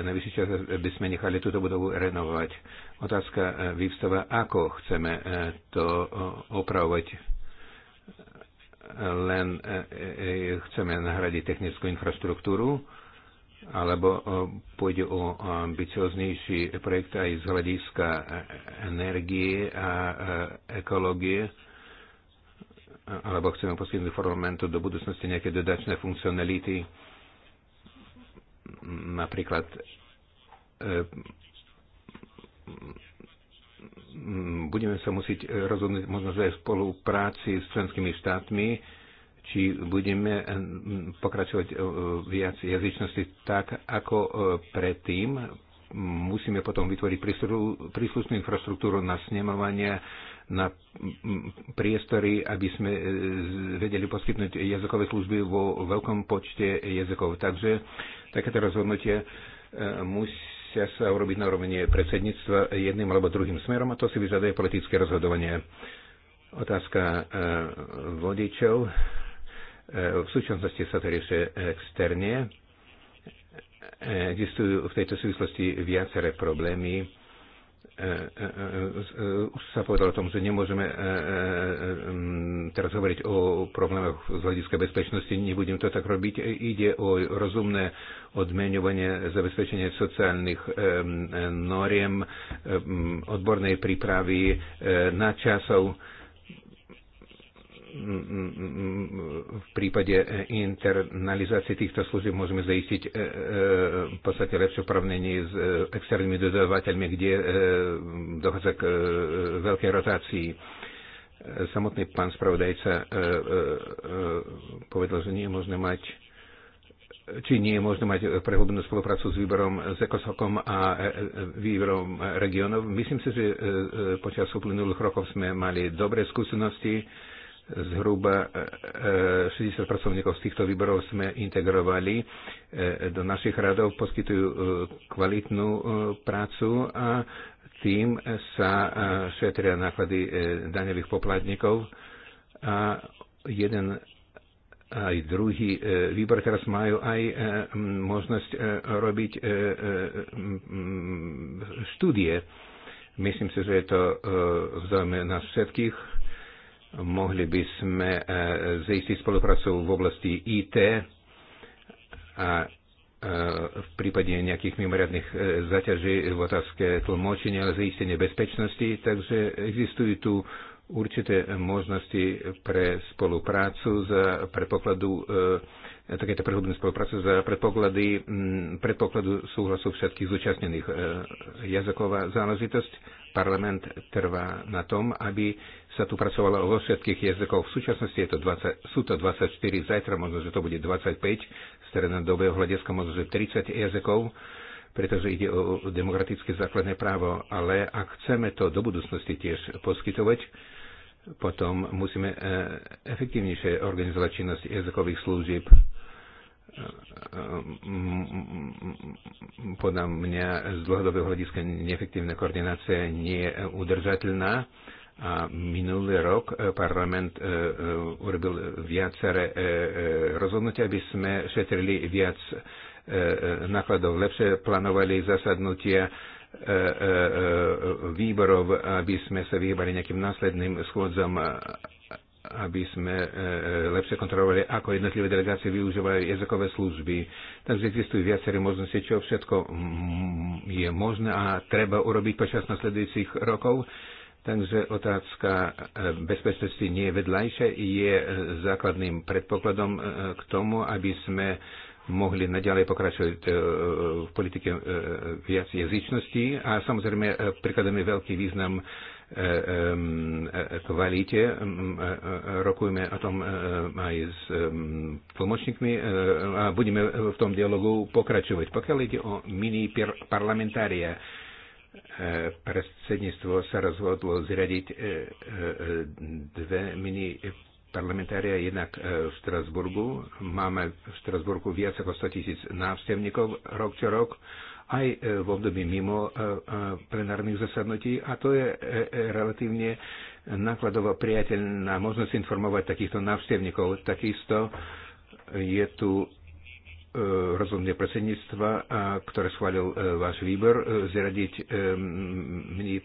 najvyšší čas, aby sme nechali túto budovu renovovať. Otázka e, vyvstáva, ako chceme to opravovať. Len chceme nahradiť technickú infraštruktúru, alebo pôjde o ambicioznejší projekt aj z hľadiska energie a ekológie alebo chceme poskytnúť formamentu do budúcnosti nejaké dodačné funkcionality, napríklad e, budeme sa musieť rozhodnúť možno, že aj v spolupráci s členskými štátmi, či budeme e, pokračovať e, viac jazyčnosti tak, ako predtým, musíme potom vytvoriť príslušnú infraštruktúru na snemovanie, na priestory, aby sme e, vedeli poskytnúť jazykové služby vo veľkom počte jazykov. Takže takéto rozhodnutie e, musia sa urobiť na úrovni predsedníctva jedným alebo druhým smerom a to si vyžaduje politické rozhodovanie. Otázka e, vodičov. V súčasnosti sa to riešie externe Existujú v tejto súvislosti viaceré problémy. E, e, e, už sa povedalo o tom, že nemôžeme teraz hovoriť o problémoch z hľadiska bezpečnosti. Nebudem to tak robiť. Ide o rozumné odmenovanie, zabezpečenie sociálnych noriem, odbornej prípravy, nadčasov. časov v prípade internalizácie týchto služieb môžeme zaistiť e, e, v podstate lepšie porovnanie s e, externými dodávateľmi, kde dochádza k veľkej rotácii. Samotný pán spravodajca povedal, že nie je možné mať či nie je možné mať prehlbenú spoluprácu s výborom, z ekosokom a výborom regionov. Myslím si, že počas uplynulých rokov sme mali dobré skúsenosti Zhruba 60 pracovníkov z týchto výborov sme integrovali do našich radov, poskytujú kvalitnú prácu a tým sa šetria náklady daňových poplatníkov a jeden aj druhý výbor teraz majú aj možnosť robiť štúdie. Myslím si, že je to v záujme nás všetkých Mohli by sme e, zistiť spoluprácu v oblasti IT a e, v prípade nejakých mimoriadných e, zaťaží v otázke tlmočenia a zistenie bezpečnosti, takže existujú tu určité možnosti pre spoluprácu za predpokladu takéto prehlbenú spolupráce za predpoklady, predpokladu súhlasu všetkých zúčastnených. Jazyková záležitosť. Parlament trvá na tom, aby sa tu pracovalo vo všetkých jazykoch. V súčasnosti je to 20, sú to 24, zajtra možno, že to bude 25, strednodobého hľadiska možno, že 30 jazykov, pretože ide o demokratické základné právo, ale ak chceme to do budúcnosti tiež poskytovať, potom musíme e, efektívnejšie organizovať činnosť jazykových služieb. E, podľa mňa z dlhodobého hľadiska neefektívna koordinácia nie je udržateľná a minulý rok e, parlament e, e, urobil viaceré rozhodnutia, aby sme šetrili viac nákladov, lepšie plánovali zasadnutia výborov, aby sme sa vyhýbali nejakým následným schôdzom aby sme lepšie kontrolovali, ako jednotlivé delegácie využívajú jazykové služby. Takže existujú viaceré možnosti, čo všetko je možné a treba urobiť počas nasledujúcich rokov Takže otázka e, bezpečnosti nie je vedľajšia, je e, základným predpokladom e, k tomu, aby sme mohli naďalej pokračovať v politike viac jazyčnosti a samozrejme prikladujeme veľký význam kvalite. Rokujeme o tom aj s tlmočníkmi a budeme v tom dialogu pokračovať. Pokiaľ ide o mini parlamentária, E, predsedníctvo sa rozhodlo zriadiť e, e, dve mini parlamentária, jednak v Strasburgu. Máme v Strasburgu viac ako 100 tisíc návštevníkov rok čo rok, aj v období mimo plenárnych zasadnutí a to je relatívne nákladovo priateľná možnosť informovať takýchto návštevníkov. Takisto je tu rozhodnutie predsedníctva, ktoré schválil e, váš výbor, e, zradiť e, mini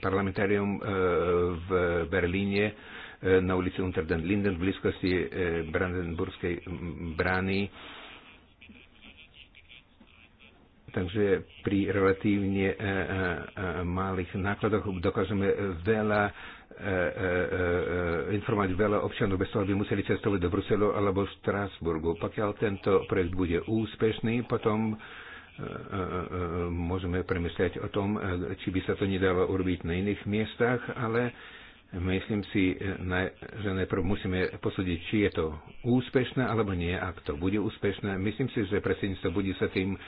parlamentárium v Berlíne na ulici Unter den Linden v blízkosti Brandenburskej brány. Takže pri relatívne malých nákladoch dokážeme veľa E, e, e, informovať veľa občanov bez toho, aby museli cestovať do Bruselu alebo Strasburgu. Pokiaľ tento projekt bude úspešný, potom môžeme premyslieť o tom, či by sa to nedalo urobiť na iných miestach, ale myslím si, že najprv musíme posúdiť, či je to úspešné alebo nie. Ak to bude úspešné, myslím si, že predsedníctvo bude sa tým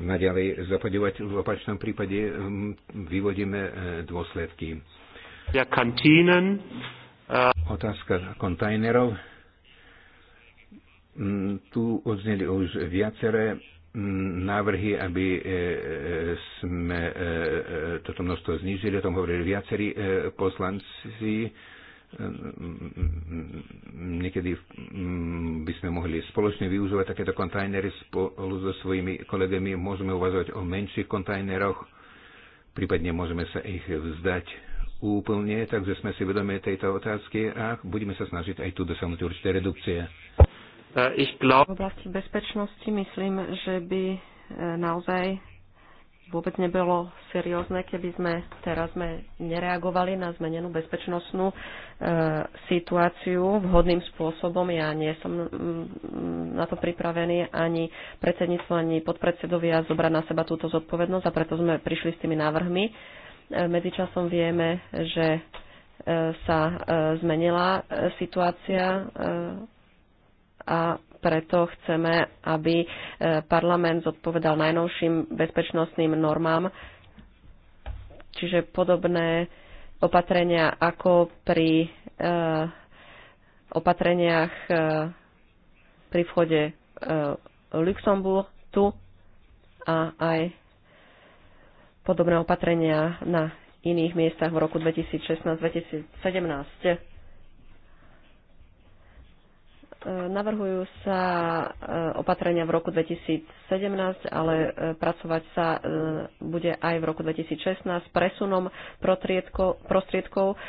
naďalej zapadovať V opačnom prípade vyvodíme dôsledky. Eh, Otázka kontajnerov. Mm, tu odzneli už viaceré mm, návrhy, aby eh, sme eh, toto množstvo znížili, o tom hovorili viacerí poslanci. Mm, niekedy by sme mohli spoločne využívať takéto kontajnery spolu so svojimi kolegami. Môžeme uvažovať o menších kontajneroch, prípadne môžeme sa ich vzdať úplne, takže sme si vedomi tejto otázky a budeme sa snažiť aj tu dosiahnuť určité redukcie. Eh, v oblasti bezpečnosti myslím, že by eh, naozaj vôbec nebolo seriózne, keby sme teraz sme nereagovali na zmenenú bezpečnostnú e, situáciu vhodným spôsobom. Ja nie som mm, mm, na to pripravený ani predsedníctvo, ani podpredsedovia zobrať na seba túto zodpovednosť a preto sme prišli s tými návrhmi Medzičasom vieme, že e, sa e, zmenila e, situácia a preto chceme, aby parlament zodpovedal najnovším bezpečnostným normám, čiže podobné opatrenia ako pri opatreniach pri vchode Luxemburg tu a aj podobné opatrenia na iných miestach v roku 2016-2017. E, navrhujú sa e, opatrenia v roku 2017, ale e, pracovať sa bude aj v roku 2016 s presunom prostriedkov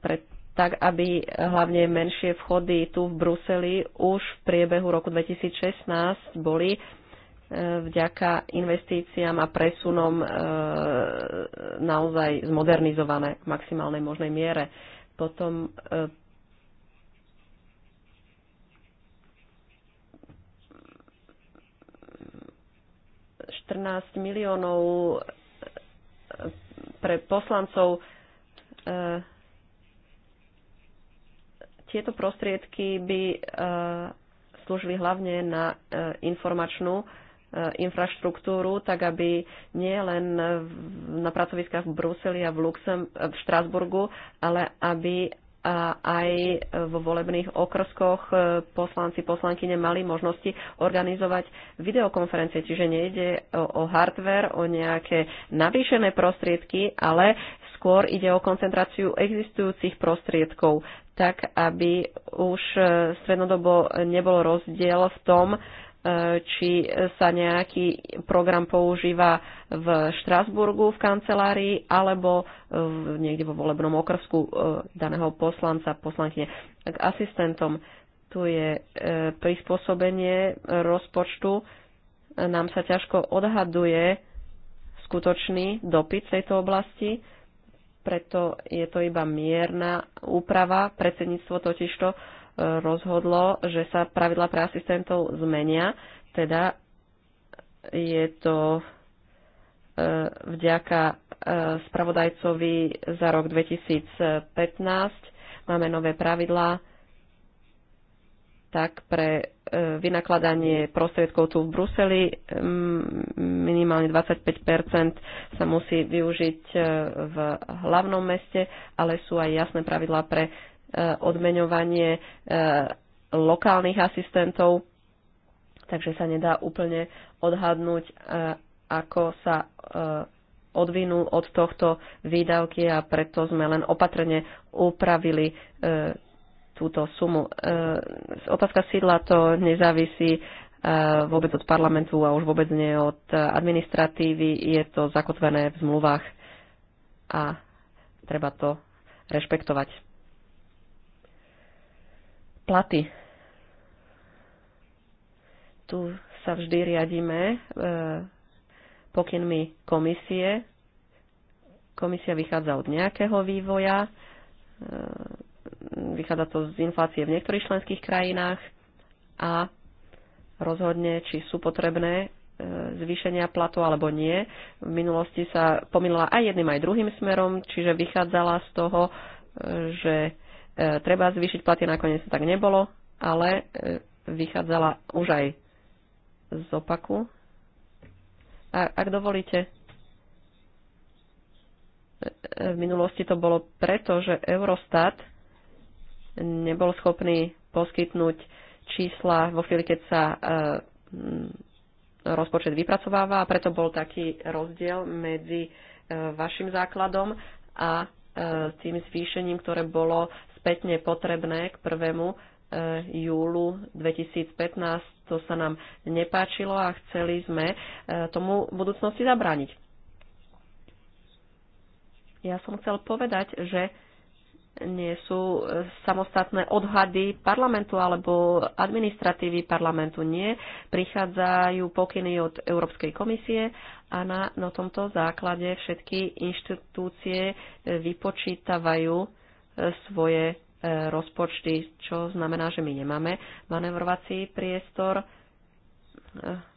pre tak, aby hlavne menšie vchody tu v Bruseli už v priebehu roku 2016 boli vďaka investíciám a presunom e, naozaj zmodernizované v maximálnej možnej miere. Potom ...14 e, miliónov e, pre poslancov tieto prostriedky by slúžili hlavne na informačnú Eh, infraštruktúru, tak aby nie len na pracoviskách v Bruseli a v, Luxem, v Štrasburgu, ale aby aj vo volebných okrskoch eh, poslanci, poslanky nemali možnosti organizovať videokonferencie. Čiže nejde o, o hardware, o nejaké navýšené prostriedky, ale skôr ide o koncentráciu existujúcich prostriedkov, tak aby už eh, strednodobo nebol rozdiel v tom, E, či sa nejaký program používa v Štrasburgu v kancelárii alebo v, niekde vo volebnom okrsku e, daného poslanca, poslankyne. K asistentom tu je e, prispôsobenie rozpočtu. Nám sa ťažko odhaduje skutočný dopyt tejto oblasti, preto je to iba mierna úprava. Predsedníctvo totižto rozhodlo, že sa pravidla pre asistentov zmenia, teda je to e, vďaka e, spravodajcovi za rok 2015. Máme nové pravidlá tak pre e, vynakladanie prostriedkov tu v Bruseli minimálne 25 sa musí využiť v hlavnom meste, ale sú aj jasné pravidlá pre Eh, odmeňovanie eh, lokálnych asistentov, takže sa nedá úplne odhadnúť, eh, ako sa odvinul od tohto výdavky a preto sme len opatrne upravili túto sumu. Otázka sídla to nezávisí vôbec od parlamentu a už vôbec nie od administratívy. Je to zakotvené v zmluvách a treba to rešpektovať. Platy. Tu sa vždy riadíme e, pokynmi komisie. Komisia vychádza od nejakého vývoja, e, vychádza to z inflácie v niektorých členských krajinách a rozhodne, či sú potrebné e, zvýšenia platu alebo nie. V minulosti sa pomýlila aj jedným, aj druhým smerom, čiže vychádzala z toho, e, že E, treba zvýšiť platy, nakoniec to tak nebolo, ale e, vychádzala už aj z opaku. A ak dovolíte, e, v minulosti to bolo preto, že Eurostat nebol schopný poskytnúť čísla vo chvíli, keď sa rozpočet vypracováva a preto bol taký rozdiel medzi vašim základom a tým zvýšením, ktoré bolo spätne potrebné k 1. E, júlu 2015. To sa nám nepáčilo a chceli sme e, tomu v budúcnosti zabrániť. Ja som chcel povedať, že nie sú e, samostatné odhady parlamentu alebo administratívy parlamentu. Nie, prichádzajú pokyny od Európskej komisie a na, na tomto základe všetky inštitúcie vypočítavajú svoje e, rozpočty, čo znamená, že my nemáme manevrovací priestor e,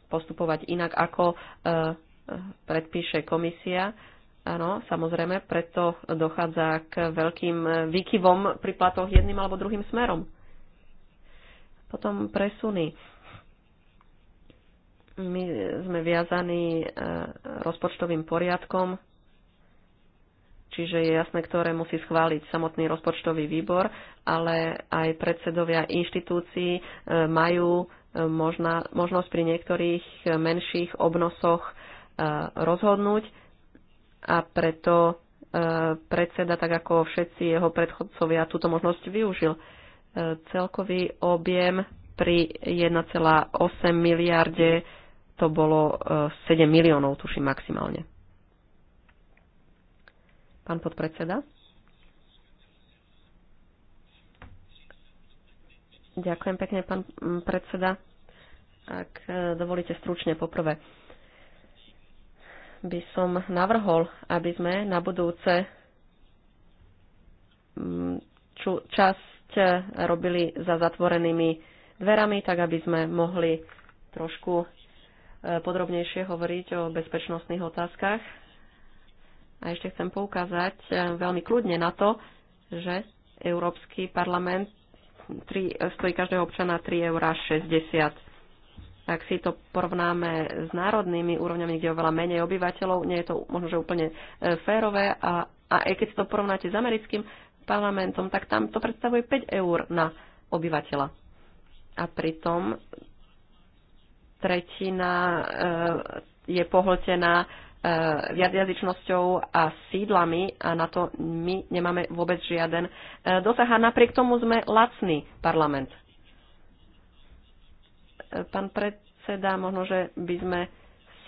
postupovať inak, ako e, predpíše komisia. Áno, samozrejme, preto dochádza k veľkým výkyvom pri platoch jedným alebo druhým smerom. Potom presuny. My sme viazaní rozpočtovým poriadkom, čiže je jasné, ktoré musí schváliť samotný rozpočtový výbor, ale aj predsedovia inštitúcií e, majú e, možná, možnosť pri niektorých menších obnosoch e, rozhodnúť a preto predseda, tak ako všetci jeho predchodcovia, túto možnosť využil. Celkový objem pri 1,8 miliarde to bolo 7 miliónov, tuším maximálne. Pán podpredseda. Ďakujem pekne, pán predseda. Ak dovolíte stručne poprvé, by som navrhol, aby sme na budúce mm, časť robili za zatvorenými dverami, tak aby sme mohli trošku eh, podrobnejšie hovoriť o bezpečnostných otázkach a ešte chcem poukázať eh, veľmi kľudne na to, že Európsky parlament 3, stojí každého občana 3,60 eur. Ak si to porovnáme s národnými úrovňami, kde je oveľa menej obyvateľov, nie je to možno, že úplne eh, férové. A, a aj keď si to porovnáte s americkým parlamentom, tak tam to predstavuje 5 eur na obyvateľa. A pritom tretina e, je pohltená E, viacjazyčnosťou a sídlami a na to my nemáme vôbec žiaden e, dosah. A napriek tomu sme lacný parlament. E, pán predseda, možno, že by sme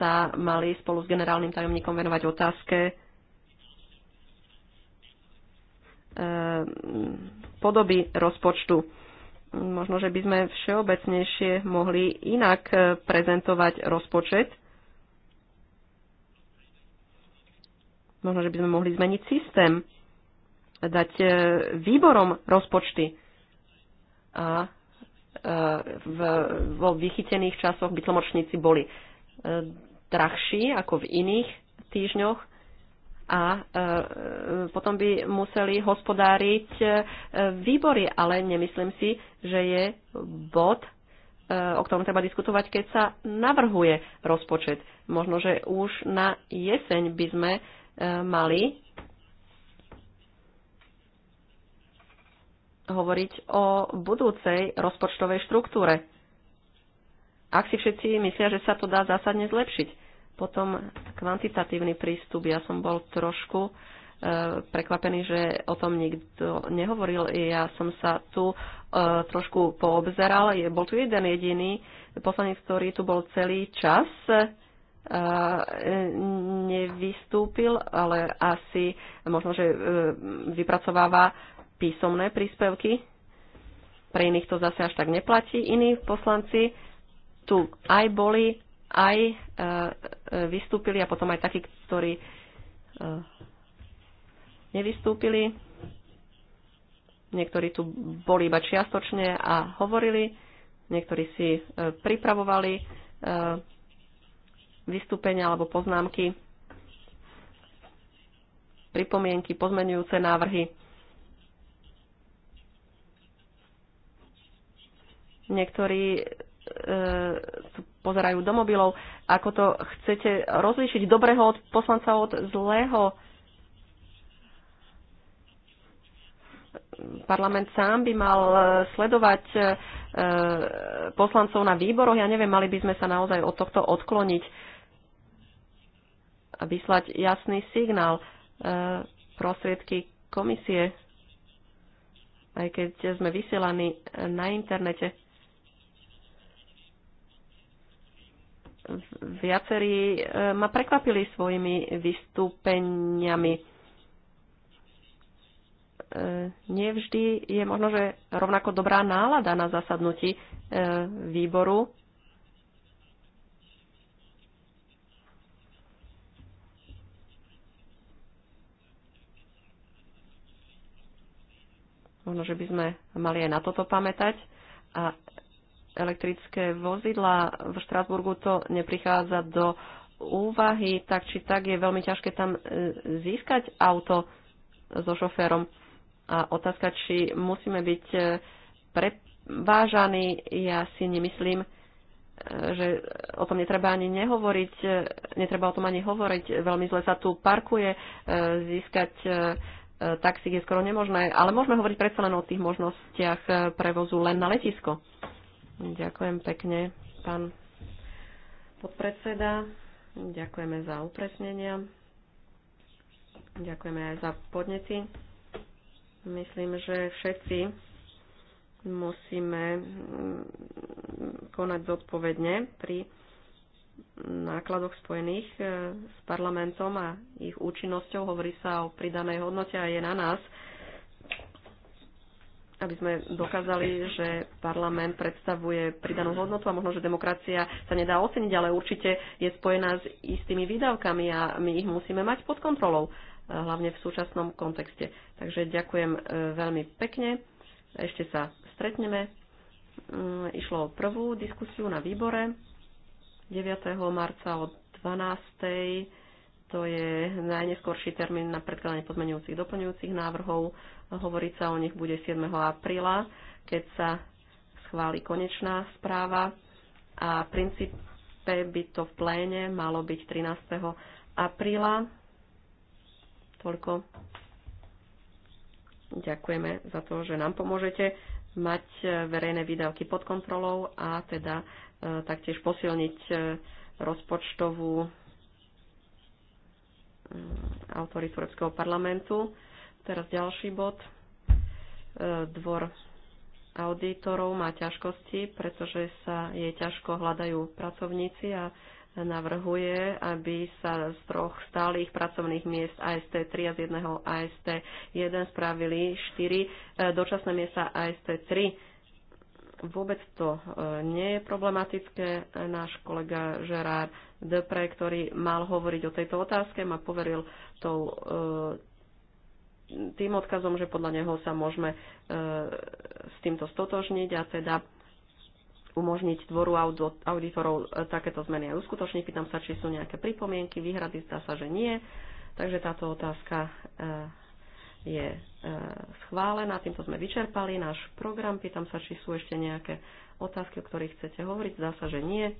sa mali spolu s generálnym tajomníkom venovať otázke podoby rozpočtu. Možno, že by sme všeobecnejšie mohli inak prezentovať rozpočet Možno, že by sme mohli zmeniť systém, dať e, výborom rozpočty a e, v, vo vychytených časoch by tlmočníci boli e, drahší ako v iných týždňoch a potom by museli hospodáriť výbory, ale nemyslím si, že je bod, o ktorom treba diskutovať, keď sa navrhuje rozpočet. Možno, že už na jeseň by sme mali hovoriť o budúcej rozpočtovej štruktúre. Ak si všetci myslia, že sa to dá zásadne zlepšiť. Potom kvantitatívny prístup. Ja som bol trošku e, prekvapený, že o tom nikto nehovoril. Ja som sa tu e, trošku poobzeral. Bol tu jeden jediný poslanec, ktorý tu bol celý čas. E, nevystúpil, ale asi možno, že e, vypracováva písomné príspevky. Pre iných to zase až tak neplatí. Iní poslanci tu aj boli, aj e, vystúpili a potom aj takí, ktorí nevystúpili. Niektorí tu boli iba čiastočne a hovorili, niektorí si pripravovali vystúpenia alebo poznámky, pripomienky, pozmenujúce návrhy. Niektorí e, pozerajú do mobilov. Ako to chcete rozlíšiť dobrého od poslanca od zlého? parlament sám by mal e, sledovať e, e, poslancov na výboroch. Ja neviem, mali by sme sa naozaj od tohto odkloniť vyslať jasný signál e, prostriedky komisie, aj keď sme vysielaní na internete. Viacerí e, ma prekvapili svojimi vystúpeniami e, nevždy je možno, že rovnako dobrá nálada na zasadnutí výboru Možno, že by sme mali aj na toto pamätať. A elektrické vozidla v Štrásburgu to neprichádza do úvahy, tak či tak je veľmi ťažké tam e, získať auto so šoférom. A otázka, či musíme byť e, prevážaní, ja si nemyslím, e, že o tom netreba ani nehovoriť, netreba o tom ani hovoriť, veľmi zle sa tu parkuje, získať E, taxík je skoro nemožné, ale môžeme hovoriť predsa len o tých možnostiach e, prevozu len na letisko. Ďakujem pekne, pán podpredseda. Ďakujeme za upresnenia. Ďakujeme aj za podnety. Myslím, že všetci musíme mm, konať zodpovedne pri nákladoch spojených e, s parlamentom a ich účinnosťou. Hovorí sa o pridanej hodnote a je na nás, aby sme dokázali, že parlament predstavuje pridanú hodnotu a možno, že demokracia sa nedá oceniť, ale určite je spojená s istými výdavkami a my ich musíme mať pod kontrolou, e, hlavne v súčasnom kontexte. Takže ďakujem e, veľmi pekne. Ešte sa stretneme. Mm, išlo o prvú diskusiu na výbore. 9. marca o 12. To je najneskorší termín na predkladanie podmenujúcich doplňujúcich návrhov. Hovoriť sa o nich bude 7. apríla, keď sa schváli konečná správa a v princípe by to v pléne malo byť 13. apríla. Toľko. Ďakujeme za to, že nám pomôžete mať verejné výdavky pod kontrolou a teda taktiež posilniť e, rozpočtovú e, autory Tureckého parlamentu. Teraz ďalší bod. E, dvor auditorov má ťažkosti, pretože sa jej ťažko hľadajú pracovníci a navrhuje, aby sa z troch stálych pracovných miest AST 3 a z jedného AST 1 spravili 4 dočasné miesta AST 3 vôbec to e, nie je problematické. Náš kolega Gerard Depre, ktorý mal hovoriť o tejto otázke, ma poveril tou, e, tým odkazom, že podľa neho sa môžeme e, s týmto stotožniť a teda umožniť dvoru auditorov takéto zmeny aj uskutočniť. Pýtam sa, či sú nejaké pripomienky, výhrady, zdá sa, že nie. Takže táto otázka je schválená. Týmto sme vyčerpali náš program. Pýtam sa, či sú ešte nejaké otázky, o ktorých chcete hovoriť. Zdá sa, že nie.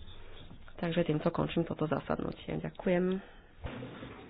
Takže týmto končím toto zasadnutie. Ďakujem.